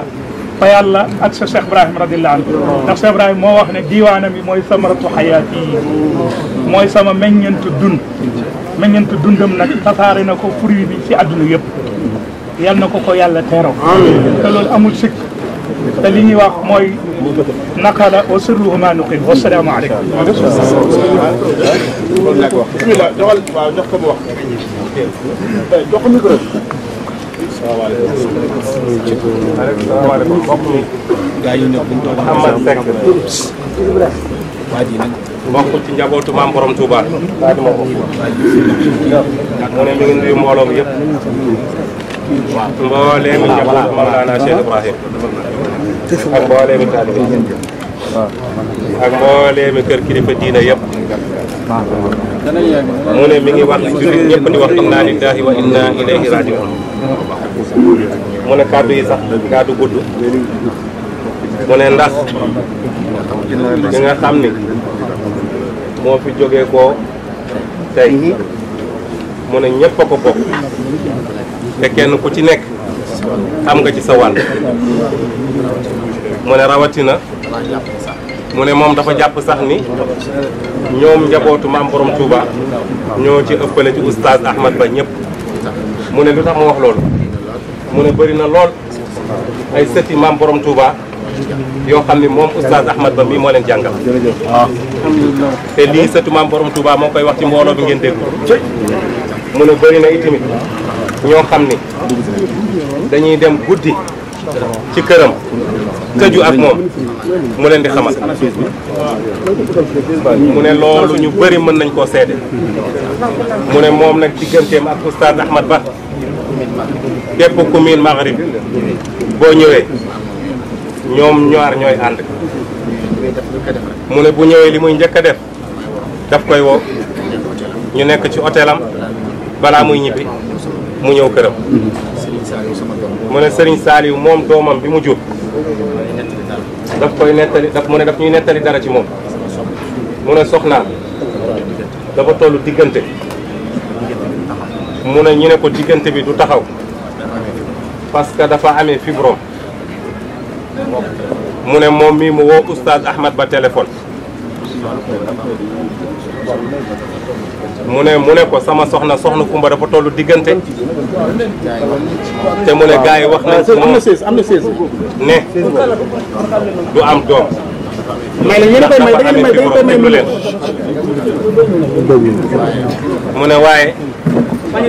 fa yàlla ak sa Cheikh Ibrahima radiyallahu anhu ndax Cheikh Ibrahima moo wax ne diiwaanam yi mooy samaratu xayaati yi mooy sama meññentu dund meññentu dundam nag tasaare na ko fruit bi ci àdduna yëpp yal na ko ko yàlla teeroo te loolu amul sikk te li ñuy wax mooy naqala wa sirruhu ma nuqil wa salaamu aleykum doxal waaw jox ko mu wax jox ko micro salaamaaleykum mbokk mi. gars yi ñëpp ñu toog Amar Seck waa ji ci njabootu maam borom Touba. waa ji ma ko. mu ne mi ngi nuyu mbooloo mi yëpp. waaw mbooleemi njabootu Mawlana Cheikh Ibrahim. ak mbooleemi taalibe ak mbooleemi kër kilifa diina mu ne mi ngi wax jullit ñëpp di wax inna lillahi wa inna ilayhi rajiun mu ne kàddu yi sax kàddu gudd mu ne ndax li xam ni moo fi jógee ko tey mu ne ñëpp ko bokk te kenn ku ci nekk am nga ci sa wàll mu ne rawatina mu ne moom dafa jàpp sax ni ñoom njabootu maam borom Touba ñoo ci ëppale ci oustaz Ahmad Ba ñëpp mu ne lu tax mu wax loolu mu ne bëri na lool ay sëti maam borom Touba yoo xam ni moom oustaz Ahmad Ba mii moo leen jàngal waaw te lii sëtu maam borom Touba moo koy wax ci mbooloo bi ngeen dégg mu ne bëri na ñoo xam ni dañuy dem guddi ci këram tëju ak moom mu leen di xamal mu ne loolu ñu bëri mën nañ koo seede mu ne moom nag digganteem ak oustaz Ahmad Ba képp ku miin Maghrib boo ñëwee ñoom ñaar ñooy ànd mu ne bu ñëwee li muy njëkk a def daf koy woo ñu nekk ci otelam balaa muy ñibbi mu ñëw këram mu ne Serigne Saliou moom doomam bi mu jur daf koy nettali daf mu ne daf ñuy nettali dara ci moom mu ne soxnaam dafa tollu diggante mu ne ñu ne ko diggante bi du taxaw parce que dafa amee fibrom mu ne moom mii mu woo oustaz Ahmad ba téléphone mu ne mu ne ko sama soxna soxna Kumba dafa tollu diggante te mu ne gaa yi wax nañ moom ne du am doom may a koy may da ngeen may da ngeen koy may lu leen mu ne waaye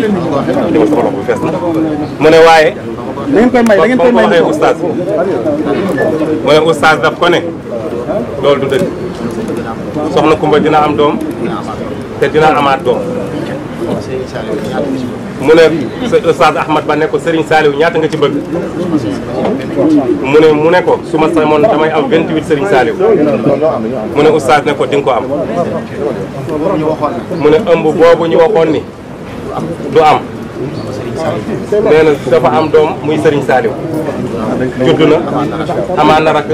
li ma sama loxo na mu ne waaye da ngeen koy may mu ne oustaz daf ko ne loolu du dëgg soxna Kumba dina am doom te dina amaat doom mu ne Oustaz Ahmad Ba nekko ko Serigne Saliou ñaata nga ci bëgg mu ne mu ne ko su ma samoon damay am 28 Serigne Saliou mu ne Oustaz ne ko di nga ko am mu ne ëmb boobu ñu waxoon ni du am nee dafa am doom muy Serigne Saliou judd na amaan na rakk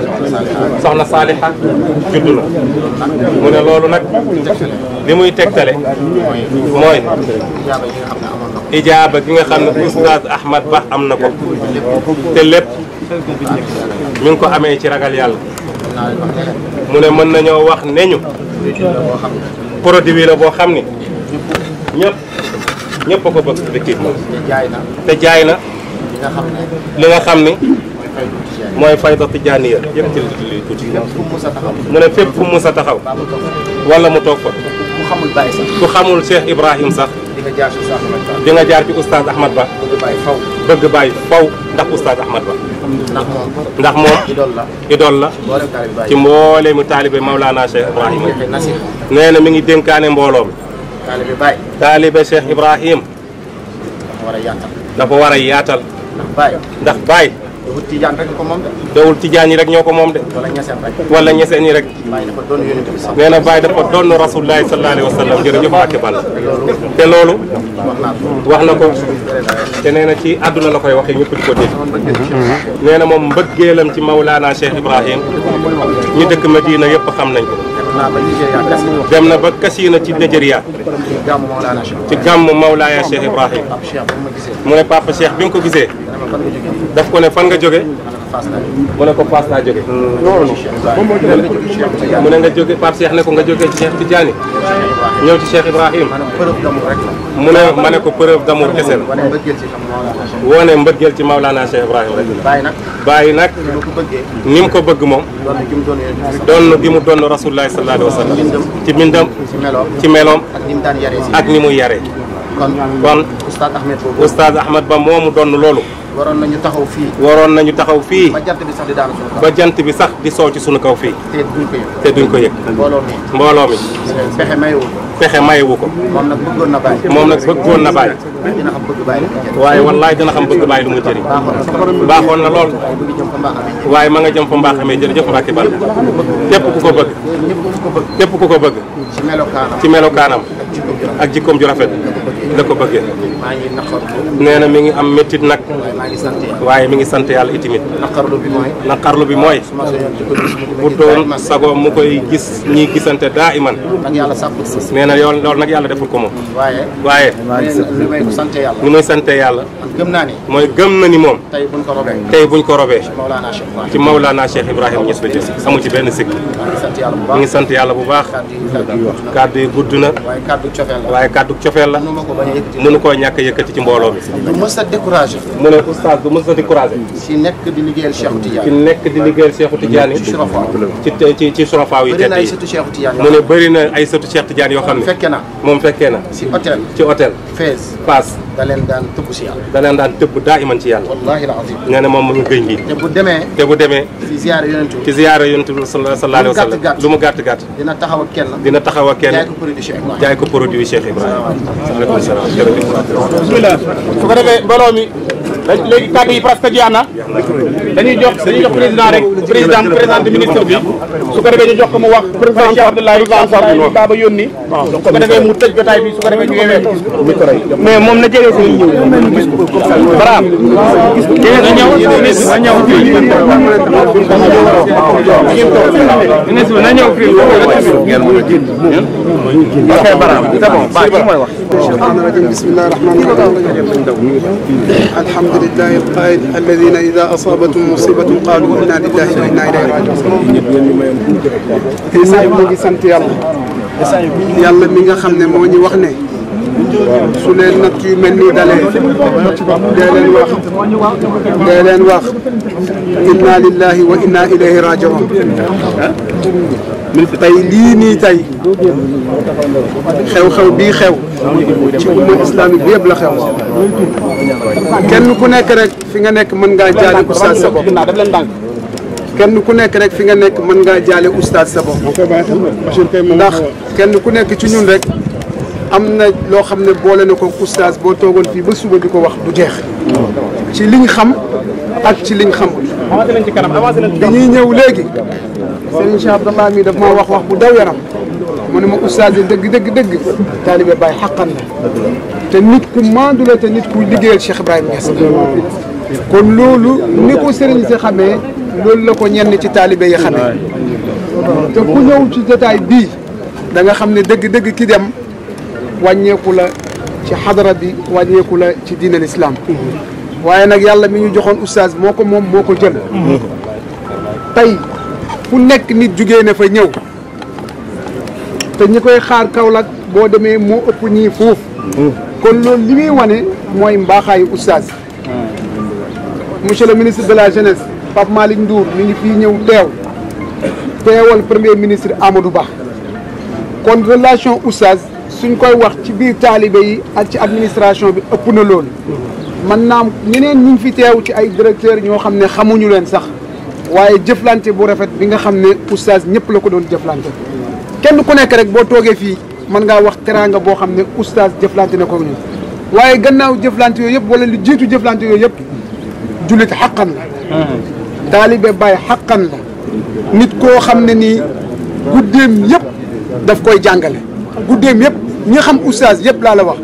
soxna Saliha judd na mu ne loolu nag li muy tegtale mooy ijaaba gi nga xam ne oustaz Ahmad Ba am na ko te lépp mi ko amee ci ragal yàlla mu ne mën nañoo wax ne ñu produit la boo xam ni ñëpp a ko bëgg effectivement. te jaay na te jaay na. li nga xam ne li nga xam ne. mooy fayda tijaaniya yëpp ci li tuuti. mu ne fépp fu mu musa taxaw. wala mu toog ko ku xamul Baye xamul Cheikh Ibrahim sax. di nga jaar ci Oustaz Ahmad Ba. nga jaar ci Oustaz Ahmad Ba. bëgg Baye faw. bëgg Baye faw ndax Oustaz Ahmad Ba. ndax moom. ndax moom idole la. idole la ci mbooleemu taalibe Mawlana Cheikh Ibrahim. nee na mi ngi dénkaane mbooloo taalibe Baay. taalibe Cheikh Ibrahim. dafa war a yaatal. dafa war a yaatal. ndax Baay. ndax Baay. dawul tijaan rek ko moom de. dawul tijaan yi rek ñoo ko moom de. wala ñeseen rek. wala ñeseen yi rek. Baay dafa doon yonent bi sax. nee na Baay dafa doon rasulullaahi sallallaahu alayhi wa sallam jërëjëf Mbàkke Balla. te loolu. wax na ko. te nee na ci àdduna la koy waxee ñëpp di ko dégg. nee na moom mbëggeelam ci Mawlaana Cheikh Ibrahim. ñu dëkk Medina yëpp xam nañ ko. dem na ba Kassina ci Nigeria ci gàmm Mawlaaya Cheikh Ibrahim mu ne papa Cheikh bi nga ko gisee daf ko ne fan nga jóge mu ne ko Fass laa jóge mm. mu ne nga jóge Pape Cheikh ko nga jógee ci Cheikh Tidiane ñëw ci Cheikh Ibrahim mu ne ma ne ko preuve d'amour kese la woone mbëggeel ci Maolana Cheikh Ibrahim rek bàyyi nag ni mu ko bëgg moom doon gi mu doon Rasulullahi sallallahu alayhi wa sallam ci mbindam ci meloom ak ni mu yaree kon Oustaz Ahmed Ba moomu doon loolu waroon nañu taxaw fii. waroon nañu taxaw fii. ba jant bi sax di daanu ba jant bi sax di soo ci sunu kaw fii. te duñ ko yëg. te duñ ko yëg. mbooloo mi mbooloo pexe mayewu ko. ko. moom nag bëggoon na bàyyi. moom nag bëggoon na bàyyi. dina xam bëgg bàyyi lu mu jëriñ. waaye wallaay dina xam bëgg bàyyi lu mu jëriñ. baaxoon na lool. waaye ma nga jëm fa mbaax amee jërëjëf Mbacke Bal. képp ku ko bëgg. képp ku ko bëgg. ci melokaanam ak jikkoom ju rafet la ko bëggee nee na mi ngi am méttit nag ngi sant yàlla waaye mi ngi sant yàlla itamit. naqarlu bi mooy. naqarlu bi mooy. bu doon sago mu koy gis ñiy gisante daa iman. ak yàlla nee na yoon loolu nag yàlla deful ko moom. waaye. waaye. li may ko sant yàlla. li sant yàlla. gëm naa ni. mooy gëm na ni moom. tey buñ ko robee. tey buñ ko robee. ci Maulana Cheikh Ibrahima Niass la jël amu ci benn sikk. mi ngi sant yàlla bu baax. kàddu yi gudd na. waaye kàddu cofeel la. mënu koo ñàkk yëkkati ci mbooloo mi. oustaz du mës a découragé. si nekk di liggéeyal Cheikh Tidiane. ci nekk di liggéeyal Cheikh Tidiane. ci surafaaw ci ci ci surafaaw yi. bëri na ay sëtu Cheikh Tidiane yoo xam ne mu ne bëri na ay sëtu Cheikh Tidiane yoo xam ne. fekke na moom fekkee na. si hôtel ci hôtel. Fès Fass. da leen daan tëbb si yàlla. da leen daan tëbb daa iman ci yàlla. wallaahi al azim. nee na moom mu ngi gëy ngi. te bu demee te bu demee. ci ziyaara yonent bi ci ziyaara yonent bi sallallahu alayhi wa sallam lu mu gàtt gàtt. dina taxaw ak kenn. dina taxaw ak kenn jaay ko produit Cheikh Ibrahima. jaay ko produit Cheikh Ibrahima. waaleykum salaam jërëjëf. bismillah su ko defee mbooloo mi. léegi kàddu yi presque jeex na dañuy jox dañuy jox président rek président président ministre bi su ko defee ñu jox ko mu wax président Cheikh Abdoulaye Baba yónni su ko defee mu tëj jotaay bi su ko defee ñu yewee mais moom na jël Bravo. Quem ganhou? Inês ganhou o frio. Inês ganhou o frio. Ok, bravo. Tá bom, vai, como é lá. الشيطان الرجيم بسم الله الرحمن الرحيم الحمد لله القائل الذين إذا أصابتهم مصيبة قالوا إنا لله وإنا إليه راجعون. sant yàlla yàlla mi nga xam ne moo ñu wax ne waaw su leen nag yu mel nii dalee dee leen wax dee leen wax inna lillahi wa inna ilayhi rajiun tey lii nii xew-xew bii xew ci umma islamique bi yëpp la xew kenn ku nekk rek fi nga nekk mën ngaa jaale oustaz sa bopp kenn ku nekk rek fi nga nekk mën ngaa jaale oustaz sa bopp ndax kenn ku nekk ci ñun rek am na loo xam ne boole na ko oustaz boo toogoon fii ba suba di wax du jeex ci liñ xam ak ci liñ xamul dañuy ñëw léegi sëriñ Cheikh Abdallah mi daf maa wax wax bu daw yaram mu ne ma oustaz dëgg dëgg dëgg taalibe Baye xaqan la te nit ku maandu la te nit ku liggéeyal Cheikh Ibrahima Niass kon loolu ni ko sëriñ si xamee loolu la ko ñenn ci taalibe yi xamee te ku ñëw ci jotaay bii da nga xam ne dëgg dëgg ki dem wàññeeku la ci xadara bi wàññeeku la ci diinal islam waaye nag yàlla mi ñu joxoon oustaz moo ko moom moo ko jël tey fu nekk nit jugee ne fa ñëw te ñi koy xaar Kaolack boo demee moo ëpp ñii foofu kon loolu li muy wane mooy mbaaxaayu oustaz monsieur le ministre de la jeunesse Pape Malick Ndour mu ngi fii ñëw teew teewal premier ministre Amadou Ba kon relation oustaz suñ koy wax ci biir taalibe yi ak ci administration bi ëpp na loolu man naam ñeneen ñu ngi fi teew ci ay directeurs ñoo xam ne xamuñu leen sax waaye jëflante bu rafet bi nga xam ne oustaz ñëpp la ko doon jëflante kenn ku nekk rek boo toogee fii mën ngaa wax teraanga boo xam ne oustaz jëflante na ko ñu waaye gannaaw jëflante yooyu yëpp wala lu jiitu jëflante yooyu yëpp jullit xaqan la taalibe Baay xaqan la nit koo xam ne nii guddeem yëpp daf koy jàngale yëpp ñi xam oustaz yëpp laa la wax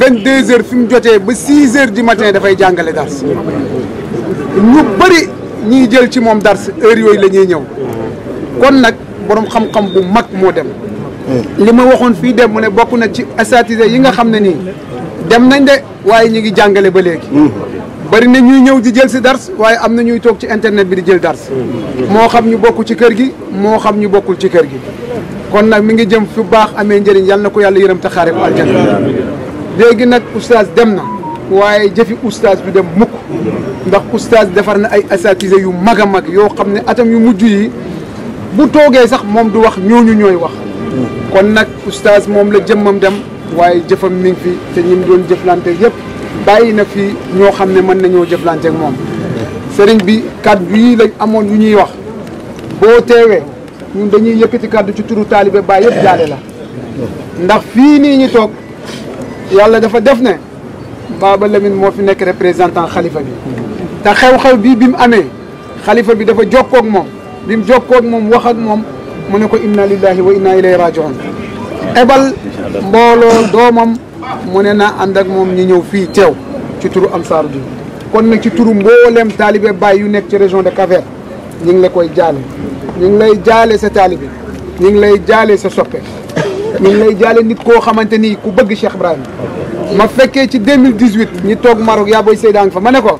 vingt deux heures fi mu jotee ba six heures di matin dafay jàngale dars ñu bëri ñiy jël ci moom dars heure yooyu lañuy ñëw kon nag borom xam-xam bu mag moo dem li ma waxoon fii dem mu ne bokk na ci asatise yi nga xam ne nii dem nañ de waaye ñu ngi jàngale ba léegi bari na ñuy ñëw di jël si dars waaye am na ñuy toog ci internet bi di jël dars moo xam ñu bokkul ci kër gi moo xam ñu bokkul ci kër gi kon nag mi ngi jëm fu baax amee njëriñ yàlla na ko yàlla yërëm te xaare ko aljana léegi nag oustaz dem na waaye jëfi oustaz bi dem mukk ndax oustaz defar na ay asatise yu mag a mag yoo xam ne atam yu mujj yi bu toogee sax moom du wax ñooñu ñooy wax kon nag oustaz moom la jëmmam dem waaye jëfam mi ngi fi te ñim doon jëflante yëpp bàyyi na fi ñoo xam ne mën nañoo jëflante ak moom sëriñ bi kàddu yi lañ amoon yu ñuy wax boo teewee ñun dañuy yëkkati kàddu ci turu taalibe Baay yëpp jaale la ndax fii nii ñu toog yàlla dafa def ne ba Lamine moo fi nekk représentant xalifa bi te xew-xew bi bi mu amee xalifa bi dafa jokkoo moom bi mu jokkoo moom wax moom mu ne ko inna lillahi wa inna ilayhi rajiun ebal mbooloo doomam mu ne naa ànd ak moom ñu ñëw fii teew ci turu Ansaarud Din kon nag ci turu mboolem taalibe Baay yu nekk ci région de Cap-Vert ñu ngi la koy jaale ñu ngi lay jaale sa taalibe ñu ngi lay jaale sa soppe ñu ngi lay jaale nit koo xamante ni ku bëgg Cheikh Ibrahima ma fekkee ci 2018 ñi toog marok yaa booy Seyda nga fa ma ne ko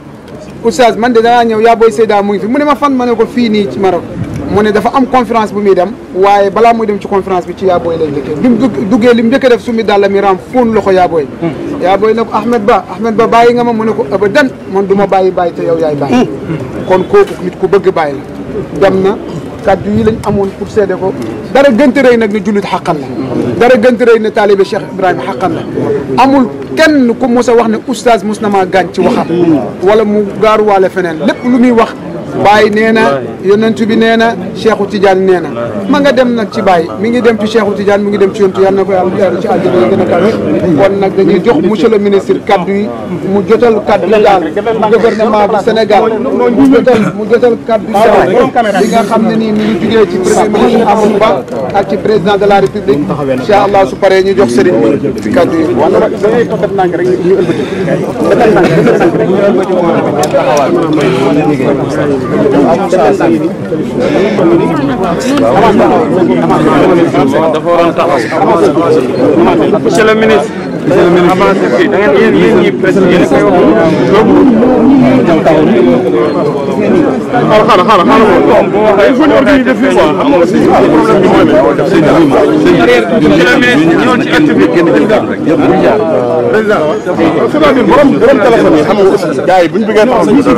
oustaz man de danaa ñëw yaa booy Seyda mu ngi fi mu ne ma fan ma ne ko fii nii ci Maroc mu ne dafa am conférence bu muy dem waaye balaa muy dem ci conférence bi ci yaa booy lay njëkkee bi mu duggee li mu njëkk a def su mi dàlla mi raam fóon loxo yaa booy yaa booy ne ko Ahmed Ba Ahmed bàyyi nga ma mu ne ko abadan man du ma bàyyi bàyyi te yow yaay bàyyi kon kooku nit ku bëgg bàyyi la dem na kàddu yi lañ amoon pour seede ko dara gënte rëy nag ni jullit xàqal dara gën a rëy ne taalibe Cheikh Ibrahima xaqan la amul kenn ku mos a wax ne oustaz mos na maa gaañ ci waxam wala mu gaaruwaale feneen lépp lu muy wax Baye nee na yonentu bi nee na Cheikhu Tidiane nee na ma nga dem nag ci Baye mi ngi dem ci Cheikhu Tidiane mi ngi dem ci yonentu yàlla na ko yàlla ci àjjana yi gën a kawe kon nag dañuy jox monsieur le ministre kaddu yi mu jotal kaddu daal gouvernement bu Sénégal mu jotal mu jotal kaddu daal li nga xam ne nii mi ngi jugee ci premier ministre Amadou Ba ak ci président de la république incha allah su paree ñu jox sëriñ bi kaddu yi wala monsieur le ministre avancé fii da ngeen yéen yéen ñii presse yéen koy wax loolu. xaaral xaaral xaaral xaaral il faut ñu organiser fii quoi xam nga aussi problème bi mooy c'est-à-dire borom borom téléphone yi xam nga aussi gars yi bu ñu bëggee taxaw monsieur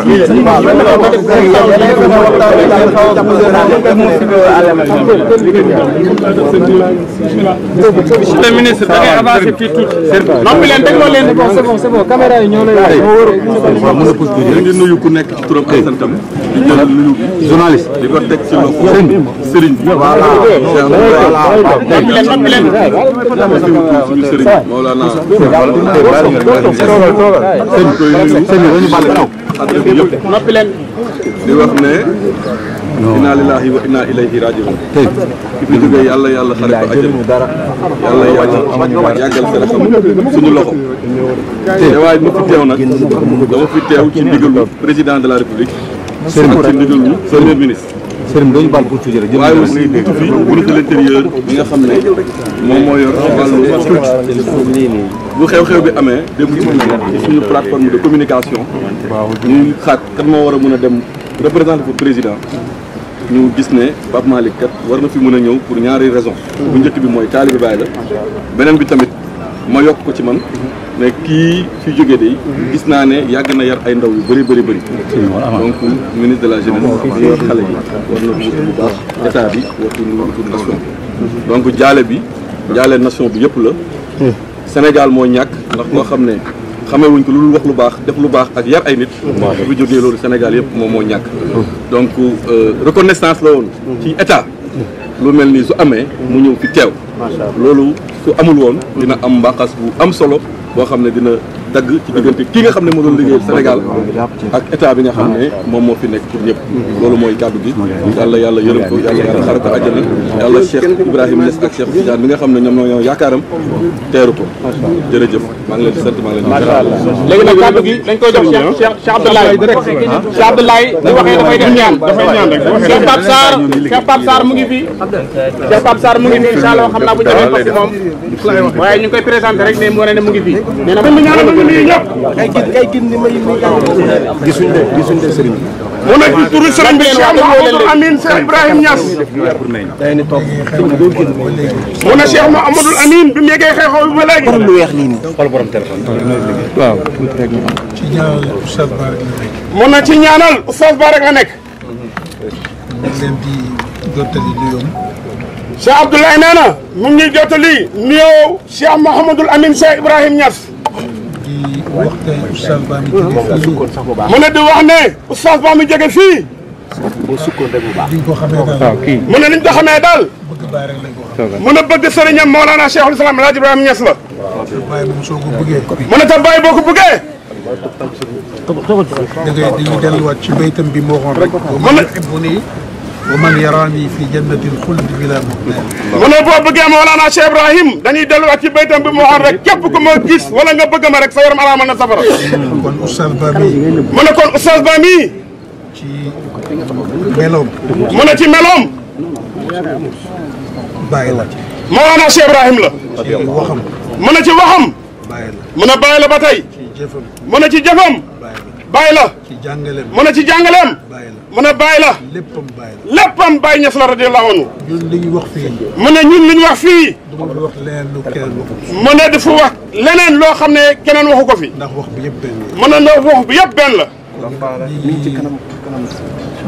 le ministre da ngay avancer fii tuuti noppi leen dégloo leen. c'est bon c'est bon caméra yi ñoo a wax. di nuyu ku nekk ci turam ak santam. di jël nuyu bi journaliste. di ko teg ci loxo sëriñ bi. voilà noppi leen noppi leen. suñu sëriñ Mawlana. sëriñ koy nuyu. sëriñ bi dañu bàll taw. noppi leen. di wax ne. inna lillahi wa inna ilayhi rajiun ki fi jógee yàlla yàlla xare ko ajjana yàlla yàlla yàggal ferekam suñu loxo te waaye mu fi teew nag dama fi teew ci ndigalu président de la république ak ci ndigalu premier ministre sëriñ dañu baal pour tuuti rek jërëjëf waaye de l'intérieur bi nga xam ne moom moo yor wàllu cuuj bu xew-xew bi amee dem ci suñu plateforme de communication ñuy xaat kan moo war a mën a dem représenter ko président ñu gis ne Pape Malick kat war na fi mun a ñëw pour ñaari raison bu njëkk bi mooy taalibe Baay la beneen bi tamit ma yokk ko ci man mais kii fi jóge de gis naa ne yàgg na yar ay ndaw yu bëri bëri bëri donc ministre de la jeunesse xale nation donc jaale bi jaale nation bi yëpp la hmm. Sénégal moo ñàkk ndax koo xam ne xamee wuñ ko lu wax lu baax def lu baax ak yar ay nit bu fi jógee loolu Sénégal yëpp moom moo ñàkk donc euh, reconnaissance la woon ci état lu mel nii su amee mu ñëw fi teew loolu su amul woon dina am mbaaxas bu am solo boo xam ne dina dagg ci diggante ki nga xam ne moo doon liggéey Sénégal ak état bi xam ne moom moo fi nekk pour ñëpp loolu mooy kàddu gi yàlla yàlla yërëm ko yàlla xara ko àjjana yàlla Cheikh Ibrahima Niass ak Cheikh Tidiane bi nga xam ne ñoom ñoo yaakaaram teeru ko jërëjëf maa ngi leen di sant maa ngi leen di. macha allah léegi nag kàddu gi dañ koy jox Cheikh Cheikh Cheikh Abdoulaye. Cheikh Abdoulaye waxee dafay def ñaan dafay ñaan rek. Cheikh Pape Sarr Cheikh Pape mu ngi fi. Cheikh Pape Sarr mu ngi fi incha allah xam naa bu ñu demee parce moom. waaye ñu ngi koy présenté rek ne mu wane ne mu ngi fi. nee na ma ñu ñaanal ma ñu nuyu ñëpp. kay gis kay de gisuñ de sëriñ mu nekk ci turu sëriñ bi Cheikh Mouhamadou Amine Cheikh Ibrahim Niass. mu ne Cheikh Mouhamadou Amine bi mu yeggee xeexoo bi ba léegi. borom lu weex lii nii. xool borom téléphone. waaw. mu ne ci ñaanal Oustaz Ba rek la nekk. Cheikh Abdoulaye nee na mu ngi ñuy jottali nuyoo Cheikh Mouhamadou Amine Cheikh Ibrahim Niass. di wax ne oustaz Ba mi jóge fii mu ne di wax ne oustaz Ba mi jóge fii. boo sukkoon ko xamee daal ah, mu ne liñ ko xamee daal. bëgg baay rek lañ ko xamee. mu ne bëgg sëriñam Mawlana Cheikhul Islam El Hadj Ibrahima Niass la. waaw te bàyyi moom soo ko bëggee. mu ne te bàyyi boo ko bëggee. da ngay dañuy bi moo xoon rek. wa man yaraani fi jannatil xuldi bila muxnaan dañuy delluwaat ci baytam bi mu waxoon rek képp ku ma gis wala ma sa yaram araamal na safara. kon oustaz Ba mii. mu ne ci meloom. mu la. Mawlana Cheikh Ibrahim ci waxam. mu ne ci waxam. bàyyi la mu ne ba tey. ci jëfam mu ne ci jëfam. bàyyi la. mu ne ci jàngaleem. mu ne bàyyi la. léppam bàyyi la. léppam bàyyi ñes la radiyallahu anhu. ñun li ñu wax fii. mu ne ñun li wax fii. du ma wax leneen lu keneen waxu ko. wax leneen loo xam ne keneen waxu ko fii ndax wax bi yëpp benn la. mu ne ndax wax bi yëpp benn la. mi ngi ci kanam kanam.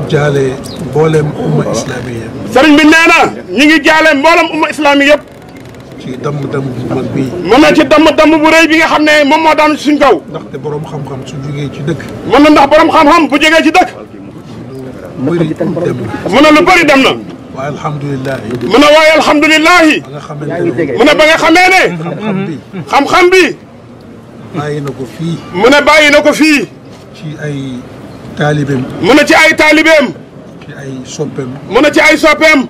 jaale mboolem umma islami yëpp. sëriñ bi nee na ñu ngi jaale mboolem umma islami yëpp. ci damm-damm bu mag bii. mën na ci damm-damm bu rëy bi nga xam ne moom moo daan suñ kaw. ndaxte borom xam-xam su jógee ci dëkk. mën na ndax borom xam-xam bu jógee ci dëkk. bëri dem na. mu ne lu bëri dem na. waaye alhamdulilah. mu ne waaye alhamdulilah. mu ne ba nga xamee ne. xam-xam bi. xam-xam bi. bàyyi na ko fii. mu ne bàyyi na ko fii. ci ay taalibeem. mu ne ci ay taalibeem. ci ay soppeem. mu ne ci ay soppeem.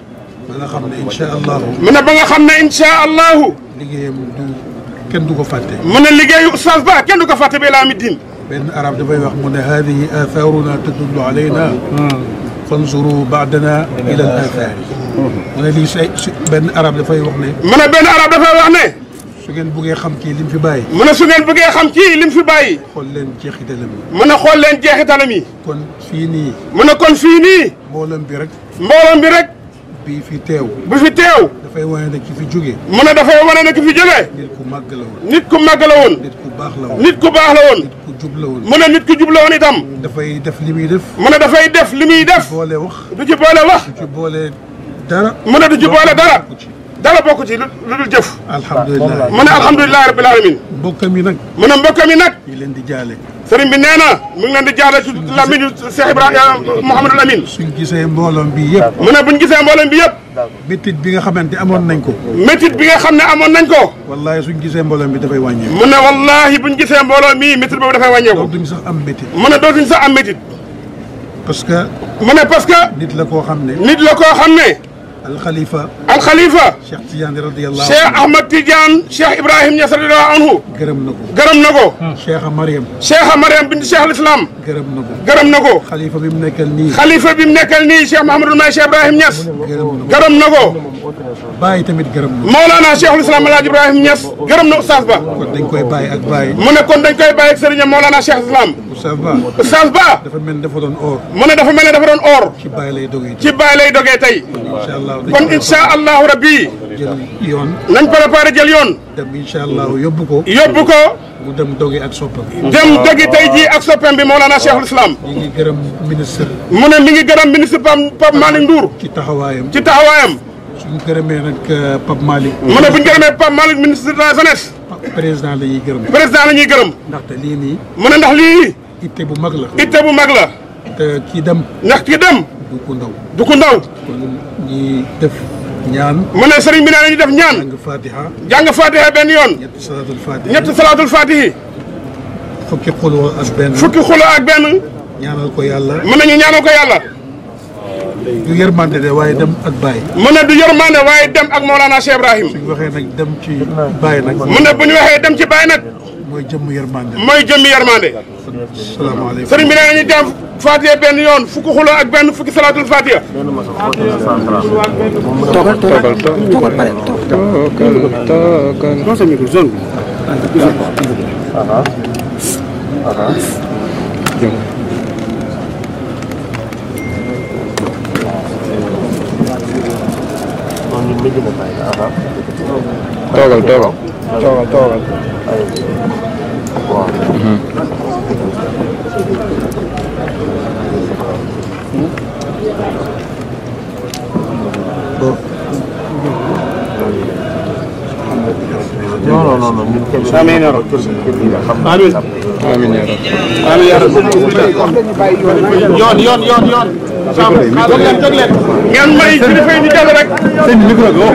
ba nga xam ne incha allahu. mu ne ba nga xam ne incha allahu. liggéeyam du kenn du ko fàtte. mu ne liggéeyu oustaz ba kenn du ko fàtte ba ilaa mi diin. benn arab dafay wax mu ne haadihi athaaruna tadullu alayna hmm. fanzuru baadana ila al athaari hmm. mu ne lii su benn arab dafay wax ne mu ne benn arab dafay wax ne su ngeen bëggee xam kii lim fi bàyyi mu ne su ngeen bëggee xam kii lim fi bàyyi xool leen jeexitalam yi mu ne xool leen jeexitalam yi kon fii nii mu ne kon fii nii mbooloom bi rek mbooloom bi rek bi fi teew bi fi teew dafay wane ne ki fi jógee. mu ne dafay wane ne ki fi jógee. nit ku màgg la woon. nit ku màgg la woon. nit ku baax la woon. nit ku baax la woon. nit ku jub la woon. mu ne nit ku jub la woon itam. dafay def li muy def. mu ne dafay def li muy def. boole wax du ci boole wax. du ci boole dara. mu ne du ci boole dara. dara bokk ci lu dul jëf. alhamdulilah mu ne alhamdulilah rabbil alamin. mbokkam yi nag. mu ne mbokkam yi nag. ñu leen di jaale. sëriñ bi nee na mu ngi leen di jaarale ci lamiñu Cheikh Ibrahima Mouhamadul Amin. suñ gisee mbooloom bi yëpp. mu ne buñ gisee mbooloom bi yëpp. métit bi nga xamante amoon nañ ko. métit bi nga xam ne amoon nañ ko. wallaahi suñ gisee mbooloom bi dafay wàññeeku. mu ne wallaahi buñ gisee mbooloom mii métit boobu dafay wàññeeku. dootuñ sax am métit. mu ne dootuñ sax am métit. parce que. mu ne parce que. nit la koo xam ne. nit la koo xam ne. alxalifa. alxalifa. Cheikh Tidiane radiyallahu anhu Cheikh Ahmad Tidiane Cheikh Ibrahim Niass radiyallahu anhu. gërëm na ko gërëm na ko. Hmm. Cheikha Mariam. Cheikha Mariam bint Cheikh al Islam. gërëm na ko gërëm na ko. xalifa bi mu nekkal nii. xalifa bi mu nekkal nii Cheikh Mouhamadul Mahi Cheikh Ibrahim Niass. gërëm na ko bàyyi tamit gërëm na ko. Mawlana Cheikhul Islam El Hadj Ibrahim Niass gërëm na Oustaz Ba. kon dañ koy bàyyi ak bàyyi. mu ne kon dañ koy bàyyi ak sëriñam Mawlana Cheikh Islam. Oustaz Ba Oustaz Ba. dafa mel ni dafa doon or. mu ne dafa mel ni dafa doon or. ci bàyyi lay dogee tey. allahu rabbi jël yoon. nañ préparé jël yoon. dem incha allahu yóbbu ko. yóbbu ko. mu dem dogi ak soppam. dem dogi tey jii ak soppam bi Mawlana Cheikhul Islam. mi ngi gërëm ministre. mu ne mi ngi gërëm ministre Pape Pape Malick Ndour. ci taxawaayam ci taxawaayam. suñu gërëmee nag euh, Pape Malick. mu ne bu ñu gërëmee Pape Malick ministre de la jeunesse. président la ñuy gërëm. président la ñuy gërëm. ndaxte lii nii. mu ne ndax lii. itte bu mag la. itte bu mag la. te kii dem. ndax kii dem. du ko ndaw du ko ndaw. kon ñi def. ñaan mu ne sëriñ bi nee nañu def ñaan. jàng fatiha. jàng fatiha benn yoon. ñetti salaatul fatihi ñetti salaatul fatihi. fukki xuloo ak benn. fukki xuloo ak benn. ñaanal ko yàlla. mën nañu ñaanal ko yàlla. du yërmande de waaye dem ak Baye. mu ne du yërmande waaye dem ak Mawlana Cheikh Ibrahim. suñ waxee nag dem ci Baye nag. mu ne bu ñu waxee dem ci Baye nag. mooy jëmm yërmande. mooy jëmm yërmande. salaamaaleykum sëriñ bi nee nañu dem Fatiha benn yoon fukki xuloo ak benn fukki salaatul Fatiha. toogal toogal toogal pare toogal. toogal toogal toogal toogal quoi. non non non ñun kenn. amiin yaa rabi amiin amiin yaa rabi. yoon yoon yoon yoon. saa ma saa ma leen jóg leen. ngeen may kilifa yi ñu jàll rek. seen micro bi wax.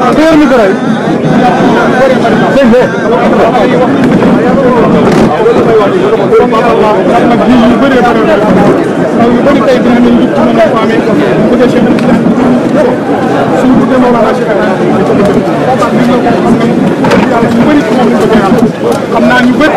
Dur mu duray? Sen de. xam naa ñu bëri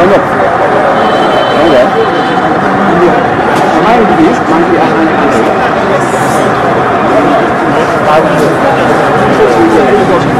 Nein, nein. Nein, Mein Brief, mein Brief, meine Angst.